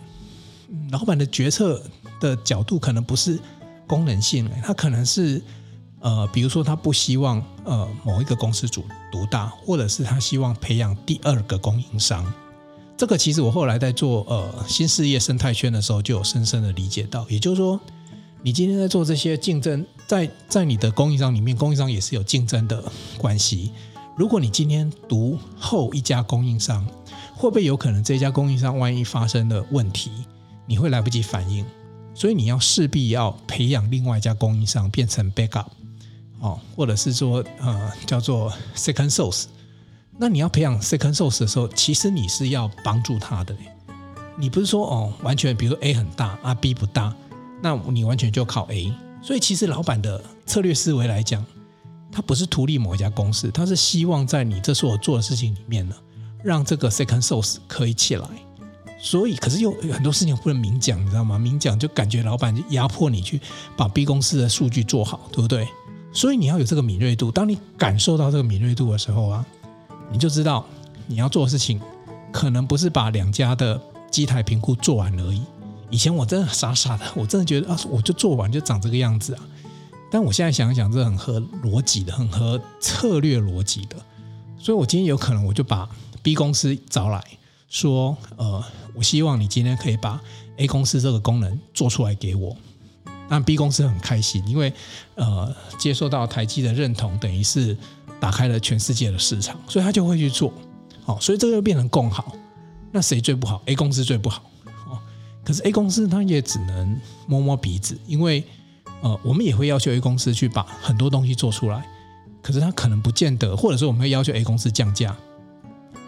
嗯、老板的決策的角度可能不是功能性，欸、他可能是。呃，比如說他不希望呃某一個公司主獨大，或者是他希望培養第二個供應商，這個其實我後來在做呃新事業生態圈的時候就有深深的理解到，也就是說，你今天在做這些競爭，在在你的供應商裡面，供應商也是有競爭的關係。如果你今天獨厚一家供應商，會不會有可能這家供應商萬一發生了問題，你會來不及反應，所以你要勢必要培養另外一家供應商變成 backup。哦，或者是說，呃，叫做 second source。那你要培養 second source 的時候，其實你是要幫助他的。你不是說哦，完全，比如說 A 很大啊，B 不大，那你完全就靠 A。所以其實老板的策略思維來講，他不是圖利某一家公司，他是希望在你這是我做的事情裡面呢，讓這個 second source 可以起來。所以，可是又有很多事情不能明講，你知道嗎？明講就感覺老板壓迫你去把 B 公司的數據做好，對不對？所以你要有這個敏銳度，當你感受到這個敏銳度的時候啊，你就知道你要做的事情，可能不是把兩家的機台評估做完而已。以前我真的傻傻的，我真的覺得啊，我就做完就長這個樣子啊。但我現在想一想，這很合邏輯的，很合策略邏輯的。所以我今天有可能我就把 B 公司找來，說，呃，我希望你今天可以把 A 公司這個功能做出來給我。那 B 公司很開心，因為呃接受到台積的認同，等於是打開了全世界的市場，所以他就會去做，哦，所以這個又變成共好。那誰最不好？A 公司最不好哦。可是 A 公司他也只能摸摸鼻子，因為呃我們也會要求 A 公司去把很多東西做出來，可是他可能不見得，或者說我們會要求 A 公司降價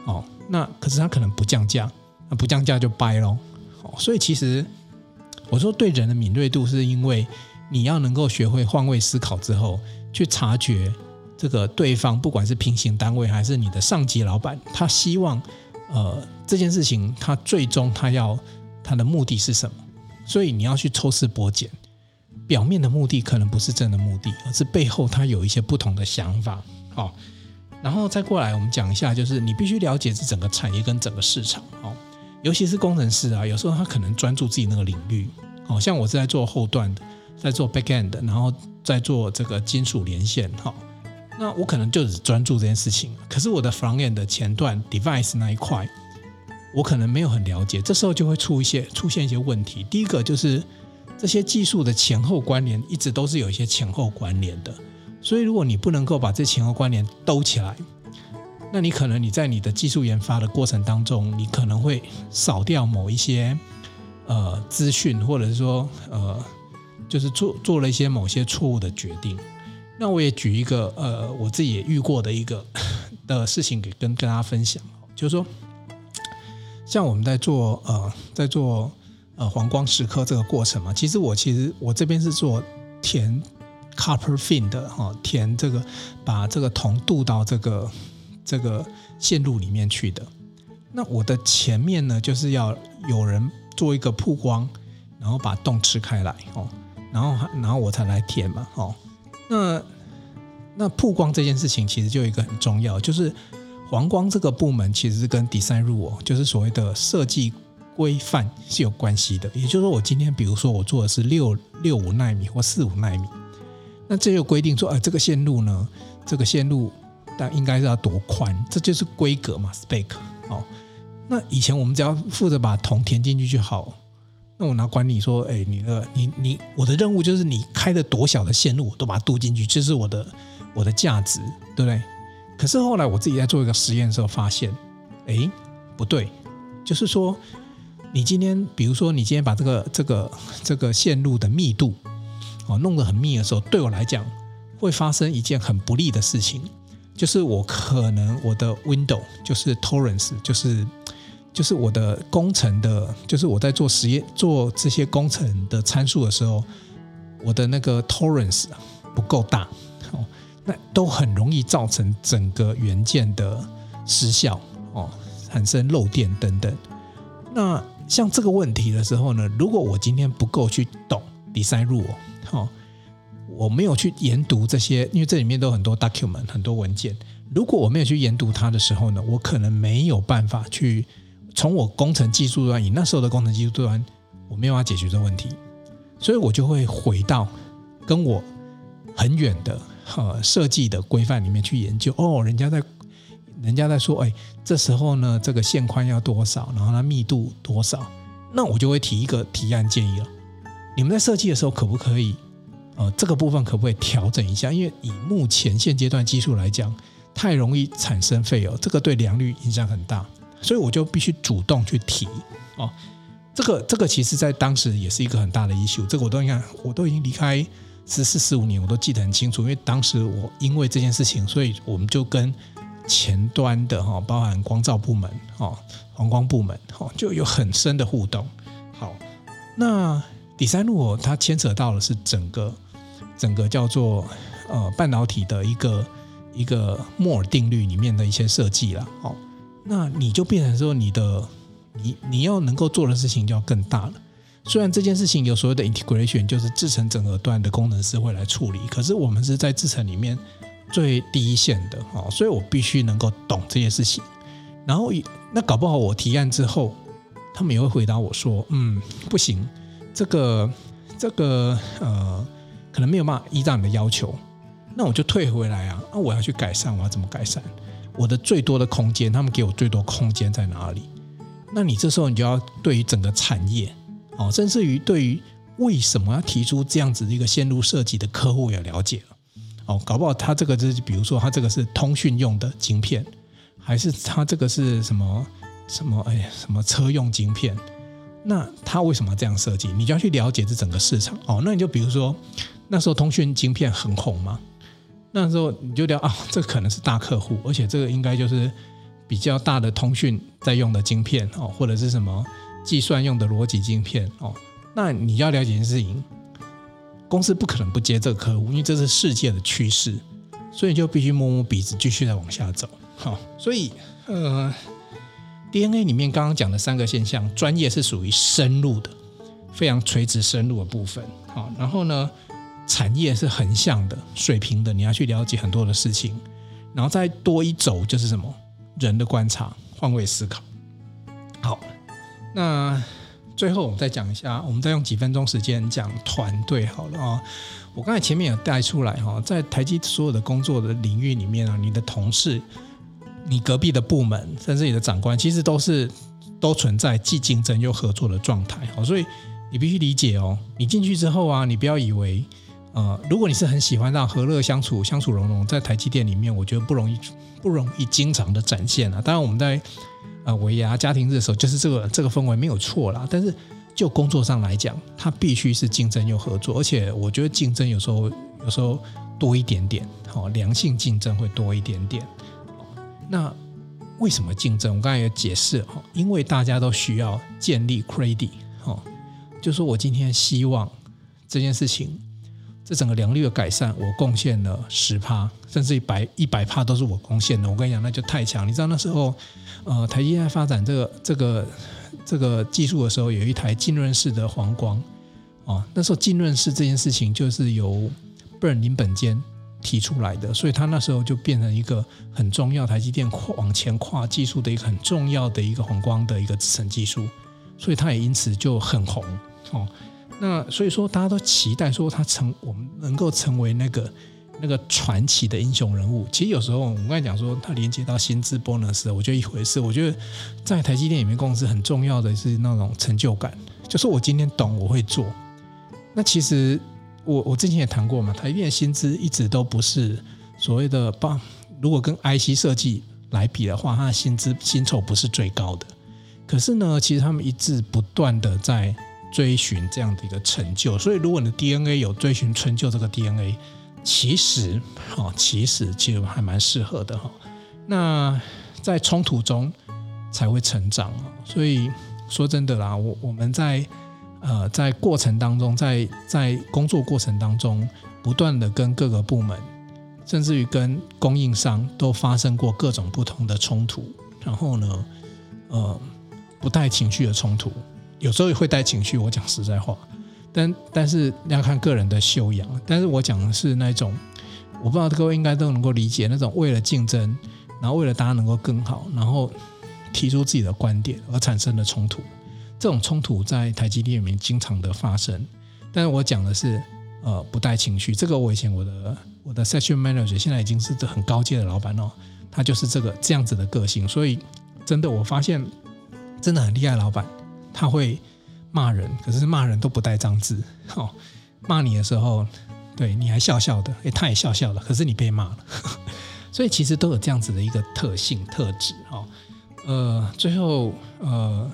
哦，那可是他可能不降價，那不降價就掰嘍哦，所以其實。我說對人的敏銳度，是因為你要能夠學會換位思考之後，去察覺這個對方，不管是平行單位還是你的上級老闆，他希望，呃，這件事情他最終他要他的目的是什麼？所以你要去抽絲剝繭，表面的目的可能不是真的目的，而是背後他有一些不同的想法。好、哦，然後再過來我們講一下，就是你必須了解這整個產業跟整個市場。哦尤其是工程師啊，有時候他可能專注自己那個領域，好、哦、像我是在做後段的，在做 backend，然後在做這個金屬連線哈、哦。那我可能就只專注這件事情，可是我的 frontend 的前段 device 那一塊，我可能沒有很了解，這時候就會出一些出現一些問題。第一個就是這些技術的前後關聯一直都是有一些前後關聯的，所以如果你不能夠把這前後關聯兜起來。那你可能你在你的技術研發的過程當中，你可能會少掉某一些呃資訊，或者是說呃，就是做做了一些某些錯誤的決定。那我也舉一個呃我自己也遇過的一個的事情給跟跟大家分享，就是說像我們在做呃在做呃黃光蝕刻這個過程嘛，其實我其實我這邊是做填 copper fin 的哈，填這個把這個銅鍍到這個。這個線路裡面去的，那我的前面呢，就是要有人做一個曝光，然後把洞吃開來哦，然後然後我才來填嘛，哦，那那曝光這件事情其實就一個很重要，就是黃光這個部門其實是跟 design rule 哦，就是所謂的設計規範是有關係的，也就是說，我今天比如說我做的是六六五奈米或四五奈米，那這就規定說，啊、呃，這個線路呢，這個線路。但應該是要多寬，這就是規格嘛，spec，哦。好，那以前我們只要負責把銅填進去就好。那我哪管你說，哎，你的，你，你，我的任務就是你開的多小的線路，我都把它鍍進去，這就是我的，我的價值，對不對？可是後來我自己在做一個實驗的時候，發現，哎，不對，就是說，你今天，比如說，你今天把這個，這個，這個線路的密度，哦，弄得很密的時候，對我來講，會發生一件很不利的事情。就是我可能我的 window 就是 tolerance，就是就是我的工程的，就是我在做實驗做這些工程的參數的時候，我的那個 tolerance 不夠大哦，那都很容易造成整個元件的失效哦，產生漏電等等。那像這個問題的時候呢，如果我今天不夠去懂 design rule，好、哦。我沒有去研讀這些，因為這裡面都很多 document，很多文件。如果我沒有去研讀它的時候呢，我可能沒有辦法去從我工程技術端，以那時候的工程技術端，我沒有辦法解決這問題，所以我就會回到跟我很遠的呃設計的規範裡面去研究。哦，人家在人家在說，哎，這時候呢，這個線寬要多少，然後它密度多少，那我就會提一個提案建議了。你們在設計的時候可不可以？呃，這個部分可不可以調整一下？因為以目前現階段技術來講，太容易產生廢油，這個對良率影響很大，所以我就必須主動去提哦。這個這個其實在當時也是一個很大的 issue，這個我都看，我都已經離開十四十五年，我都記得很清楚。因為當時我因為這件事情，所以我們就跟前端的哈、哦，包含光罩部門哦、黃光、光部門哦，就有很深的互動。好，那第三路、哦、它牽扯到的是整個。整個叫做呃半導體的一個一個摩爾定律裡面的一些設計了，哦，那你就變成說你的你你要能夠做的事情就要更大了。雖然這件事情有所謂的 integration，就是製程整合段的工程師會來處理，可是我們是在製程裡面最第一線的哦，所以我必須能夠懂這些事情。然後那搞不好我提案之後，他們也會回答我說，嗯，不行，這個這個呃。可能沒有辦法依照你的要求，那我就退回來啊！那、啊、我要去改善，我要怎麼改善？我的最多的空間，他們給我最多空間在哪裡？那你這時候你就要對於整個產業，哦，甚至於對於為什麼要提出這樣子一個線路設計的客戶要了解了哦，搞不好他這個、就是比如說他這個是通訊用的晶片，還是他這個是什麼什麼哎呀什麼車用晶片？那他為什麼要這樣設計？你就要去了解這整個市場哦。那你就比如說。那時候通訊晶片很紅嘛，那時候你就聊啊，這可能是大客戶，而且這個應該就是比較大的通訊在用的晶片哦，或者是什麼計算用的邏輯晶片哦。那你要了解一件事情，公司不可能不接這個客戶，因為這是世界的趨勢，所以你就必須摸摸鼻子繼續再往下走。哦，所以呃，DNA 裡面剛剛講的三個現象，專業是屬於深入的，非常垂直深入的部分。好，哦，然後呢？產業是橫向的、水平的，你要去了解很多的事情，然後再多一軸，就是什麼人的觀察、換位思考。好，那最後我們再講一下，我們再用幾分鐘時間講團隊好了啊、哦。我剛才前面有帶出來哈、哦，在台積所有的工作的領域裡面啊，你的同事、你隔壁的部門，甚至你的長官，其實都是都存在既競爭又合作的狀態。好，所以你必須理解哦，你進去之後啊，你不要以為。呃，如果你是很喜歡讓和樂相處相處融融，在台積電裡面，我覺得不容易，不容易經常的展現啊。當然，我們在呃尾牙家庭日的時候，就是這個這個氛圍沒有錯啦，但是就工作上來講，它必須是競爭又合作，而且我覺得競爭有時候有時候多一點點，好、哦，良性競爭會多一點點。那為什麼競爭？我剛才也解釋哈、哦，因為大家都需要建立 credit，哈、哦，就說我今天希望這件事情。這整個良率的改善，我貢獻了十趴，甚至一百一百趴都是我貢獻的。我跟你講，那就太強。你知道那時候，呃，台積電在發展這個這個這個技術的時候，有一台浸潤式的黃光哦、啊，那時候浸潤式這件事情就是由 Burn 林本堅提出來的，所以他那時候就變成一個很重要，台積電跨往前跨技術的一個很重要的一個黃光的一個製程技術，所以它也因此就很紅哦。啊那所以說，大家都期待說他成我們能夠成為那個那個傳奇的英雄人物。其實有時候我們剛才講說，他連接到薪資 bonus，我覺得一回事。我覺得在台積電裡面，公司很重要的是那種成就感，就是我今天懂，我會做。那其實我我之前也談過嘛，台積電薪資一直都不是所謂的把，如果跟 IC 設計來比的話，他的薪資薪酬不是最高的。可是呢，其實他們一直不斷的在。追尋這樣的一個成就，所以如果你的 DNA 有追尋成就這個 DNA，其實哦，其實其實還蠻適合的哈。那在衝突中才會成長。所以說真的啦，我我們在呃在過程當中，在在工作過程當中，不斷的跟各個部門，甚至於跟供應商都發生過各種不同的衝突。然後呢，呃，不帶情緒的衝突。有時候也會帶情緒，我講實在話，但但是要看個人的修養。但是我講的是那種，我不知道各位應該都能夠理解那種為了競爭，然後為了大家能夠更好，然後提出自己的觀點而產生的衝突。這種衝突在台積電裡面經常的發生。但是我講的是，呃，不帶情緒。這個我以前我的我的 section manager，現在已經是這很高階的老板哦，他就是這個這樣子的個性。所以真的我發現真的很厲害，老板。他會罵人，可是罵人都不帶髒字哦。罵你的時候，對你還笑笑的誒，他也笑笑的，可是你被罵了， 所以其實都有這樣子的一個特性特質哦。呃，最後呃，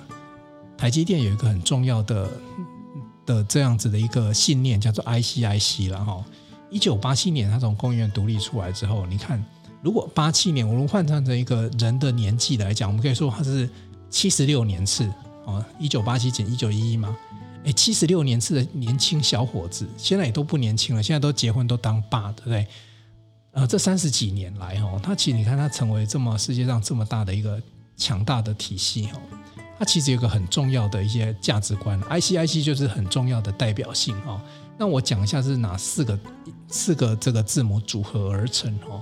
台積電有一個很重要的的這樣子的一個信念，叫做 IC IC 了哈。一九八七年，他從工研院獨立出來之後，你看，如果八七年我們換算成一個人的年紀來講，我們可以說他是七十六年次。哦，一九八七減一九一一嘛，哎、欸，七十六年次的年輕小伙子，現在也都不年輕了，現在都結婚都當爸，對不對？呃，這三十幾年來哦，他其實你看他成為這麼世界上這麼大的一個強大的體系哦，他其實有個很重要的一些價值觀，ICIC 就是很重要的代表性哦。那我講一下是哪四個四個這個字母組合而成哦。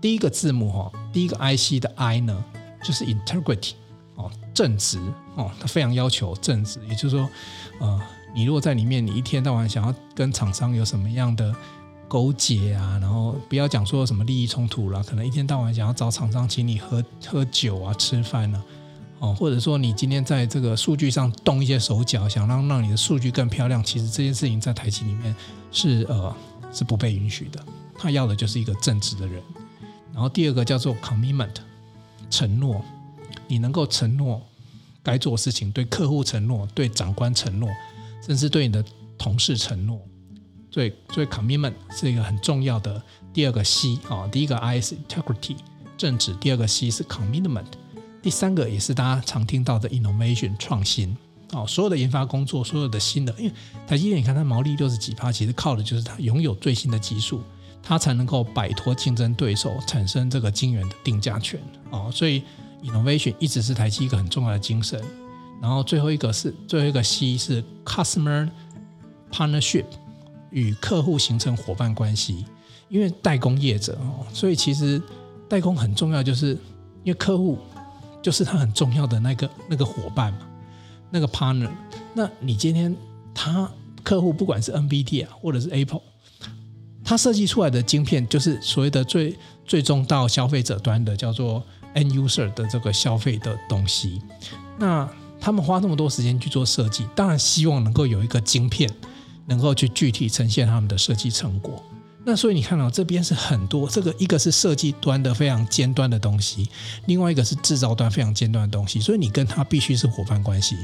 第一個字母哈、哦，第一個 IC 的 I 呢，就是 Integrity。哦，正直哦，他非常要求正直，也就是說，呃，你如果在裡面，你一天到晚想要跟廠商有什麼樣的勾結啊，然後不要講說有什麼利益衝突啦、啊，可能一天到晚想要找廠商請你喝喝酒啊、吃飯呢、啊，哦、呃，或者說你今天在這個數據上動一些手腳，想讓讓你的數據更漂亮，其實這件事情在台積裡面是呃是不被允許的。他要的就是一個正直的人。然後第二個叫做 commitment，承諾。你能夠承諾該做事情，對客戶承諾，對長官承諾，甚至對你的同事承諾。所以，所以 commitment 是一個很重要的第二個 C 啊、哦，第一個 I 是 integrity 正直。第二個 C 是 commitment，第三個也是大家常聽到的 innovation 創新啊、哦，所有的研發工作，所有的新的，因為台積電你看它毛利六十幾趴，其實靠的就是它擁有最新的技術，它才能夠擺脫競爭對手，產生這個晶圓的定價權啊、哦，所以。Innovation 一直是台積一個很重要的精神，然後最後一個是最後一個 C 是 Customer Partnership 與客戶形成夥伴關係，因為代工業者哦，所以其實代工很重要，就是因為客戶就是他很重要的那個那個夥伴嘛，那個 partner。那你今天他客戶不管是 NBT 啊或者是 Apple，他設計出來的晶片就是所謂的最最終到消費者端的叫做。end user 的這個消費的東西，那他們花那麼多時間去做設計，當然希望能夠有一個晶片，能夠去具體呈現他們的設計成果。那所以你看到哦，這邊是很多，這個一個是設計端的非常尖端的東西，另外一個是製造端非常尖端的東西，所以你跟他必須是夥伴關係。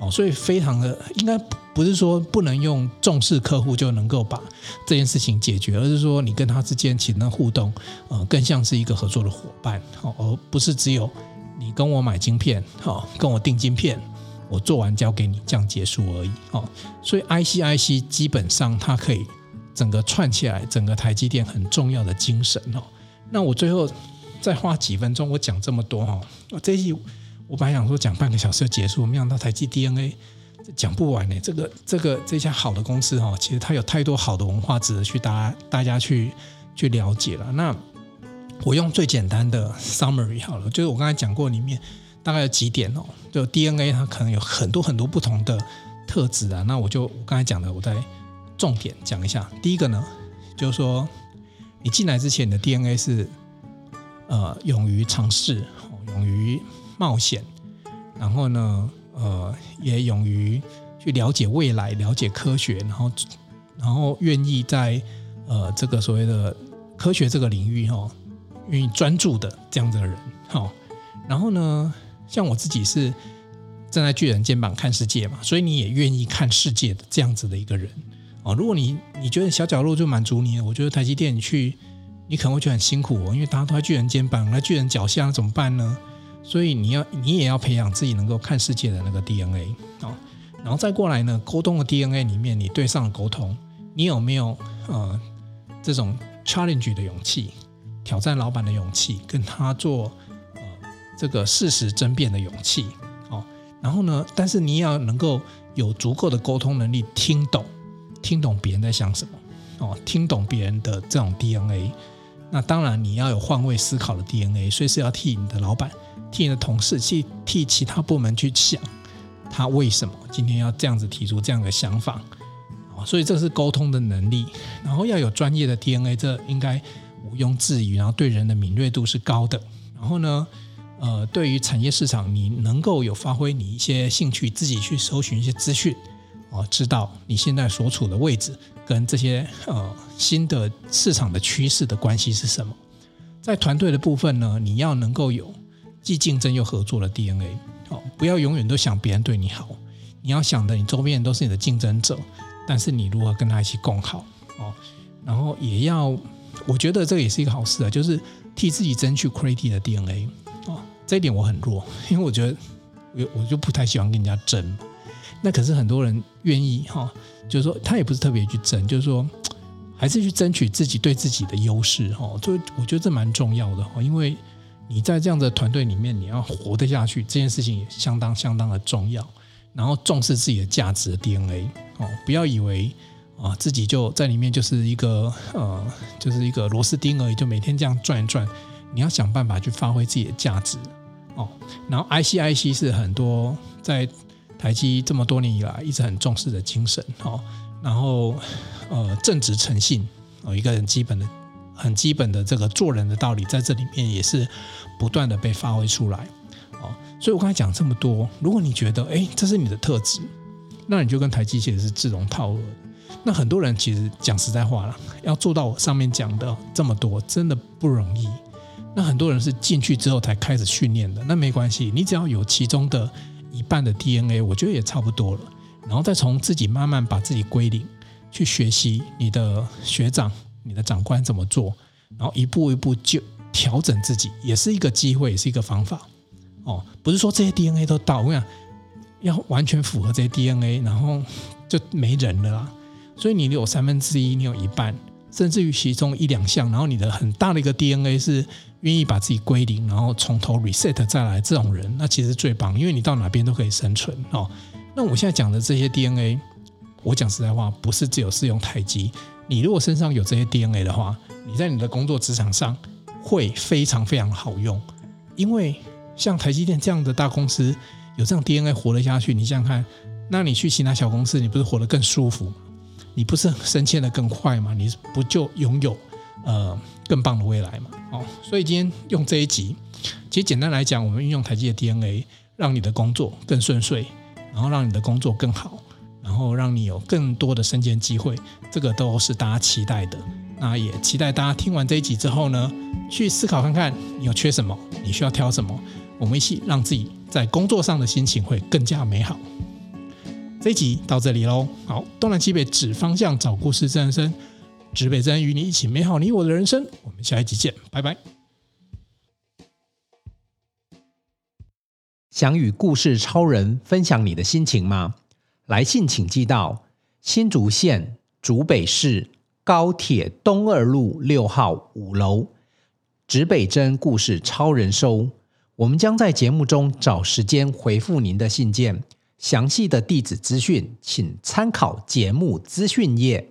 哦，所以非常的應該不是說不能用重視客戶就能夠把這件事情解決，而是說你跟他之間其實互動，呃，更像是一個合作的夥伴，哦，而不是只有你跟我買晶片，哈、哦，跟我訂晶片，我做完交給你這樣結束而已，哦，所以 IC IC 基本上它可以整個串起來，整個台積電很重要的精神哦。那我最後再花幾分鐘，我講這麼多哈、哦，這一。我本來想說講半個小時就結束，沒想到台積 DNA，講不完呢？這個這個這家好的公司哦，其實它有太多好的文化值得去大家大家去去了解了。那我用最簡單的 summary 好了，就是我剛才講過裡面大概有幾點哦，就 DNA 它可能有很多很多不同的特質啊。那我就我剛才講的，我再重點講一下。第一個呢，就是說你進來之前你的 DNA 是呃勇於嘗試，勇於。冒險，然後呢，呃，也勇於去了解未來，了解科學，然後，然後願意在呃這個所謂的科學這個領域哈、哦，願意專注的這樣子的人，好、哦，然後呢，像我自己是站在巨人肩膀看世界嘛，所以你也願意看世界的這樣子的一個人啊、哦。如果你你覺得小角落就滿足你了，我覺得台積電去，你可能會覺得很辛苦、哦，因為大家都在巨人肩膀，那巨人腳下，怎麼辦呢？所以你要，你也要培養自己能夠看世界的那個 DNA 啊、哦，然後再過來呢，溝通的 DNA 裡面，你對上了溝通，你有沒有呃這種 challenge 的勇氣，挑戰老板的勇氣，跟他做呃這個事實爭辯的勇氣哦，然後呢，但是你也要能夠有足夠的溝通能力，聽懂，聽懂別人在想什麼哦，聽懂別人的這種 DNA，那當然你要有換位思考的 DNA，所以是要替你的老板。替的同事去替其他部門去想，他為什麼今天要這樣子提出這樣的想法啊？所以這是溝通的能力，然後要有專業的 DNA，這應該毋庸置疑。然後對人的敏銳度是高的。然後呢，呃，對於產業市場，你能夠有發揮你一些興趣，自己去搜尋一些資訊啊，知道你現在所處的位置跟這些呃新的市場的趨勢的關係是什麼。在團隊的部分呢，你要能夠有。既競爭又合作的 DNA，哦，不要永遠都想別人對你好，你要想的，你周邊都是你的競爭者，但是你如何跟他一起共好哦，然後也要，我覺得這個也是一個好事啊，就是替自己爭取 creative 的 DNA 哦，這一點我很弱，因為我覺得我我就不太喜歡跟人家爭，那可是很多人願意哈，就是說他也不是特別去爭，就是說還是去爭取自己對自己的優勢哈，就我覺得這蠻重要的哈，因為。你在這樣的團隊裡面，你要活得下去這件事情也相當相當的重要，然後重視自己的價值的 DNA 哦，不要以為啊自己就在裡面就是一個呃就是一個螺絲釘而已，就每天這樣轉一轉，你要想辦法去發揮自己的價值哦。然後 ICIC 是很多在台積這麼多年以來一直很重視的精神哦，然後呃正直誠信哦，一個很基本的。很基本的這個做人的道理，在這裡面也是不斷的被發揮出來哦。所以我剛才講這麼多，如果你覺得誒、欸，這是你的特質，那你就跟台積電也是志同道合。那很多人其實講實在話啦，要做到我上面講的這麼多，真的不容易。那很多人是進去之後才開始訓練的，那沒關係，你只要有其中的一半的 DNA，我覺得也差不多了。然後再從自己慢慢把自己歸零，去學習你的學長。你的長官怎麼做，然後一步一步就調整自己，也是一個機會，也是一個方法哦。不是說這些 DNA 都到，我跟你講，要完全符合這些 DNA，然後就沒人了啦。所以你有三分之一，你有一半，甚至於其中一兩項，然後你的很大的一個 DNA 是願意把自己歸零，然後從頭 reset 再來，這種人那其實最棒，因為你到哪邊都可以生存哦。那我現在講的這些 DNA，我講實在話，不是只有適用台積。你如果身上有這些 DNA 的話，你在你的工作職場上會非常非常好用，因為像台積電這樣的大公司有這樣 DNA 活了下去，你想想看，那你去其他小公司，你不是活得更舒服，你不是升遷的更快嗎？你不就擁有呃更棒的未來嗎？哦，所以今天用這一集，其實簡單來講，我們運用台積的 DNA，讓你的工作更順遂，然後讓你的工作更好。然後讓你有更多的升遷機會，這個都是大家期待的。那也期待大家聽完這一集之後呢，去思考看看你有缺什麼，你需要挑什麼，我們一起讓自己在工作上的心情會更加美好。這一集到這裡嘍。好，東南西北指方向，找故事真人真，指北針與你一起美好你我的人生。我們下一集見，拜拜。想與故事超人分享你的心情嗎？來信請寄到新竹縣竹北市高鐵東二路六號五樓，指北針故事超人收。我們將在節目中找時間回復您的信件，詳細的地址資訊，請參考節目資訊頁。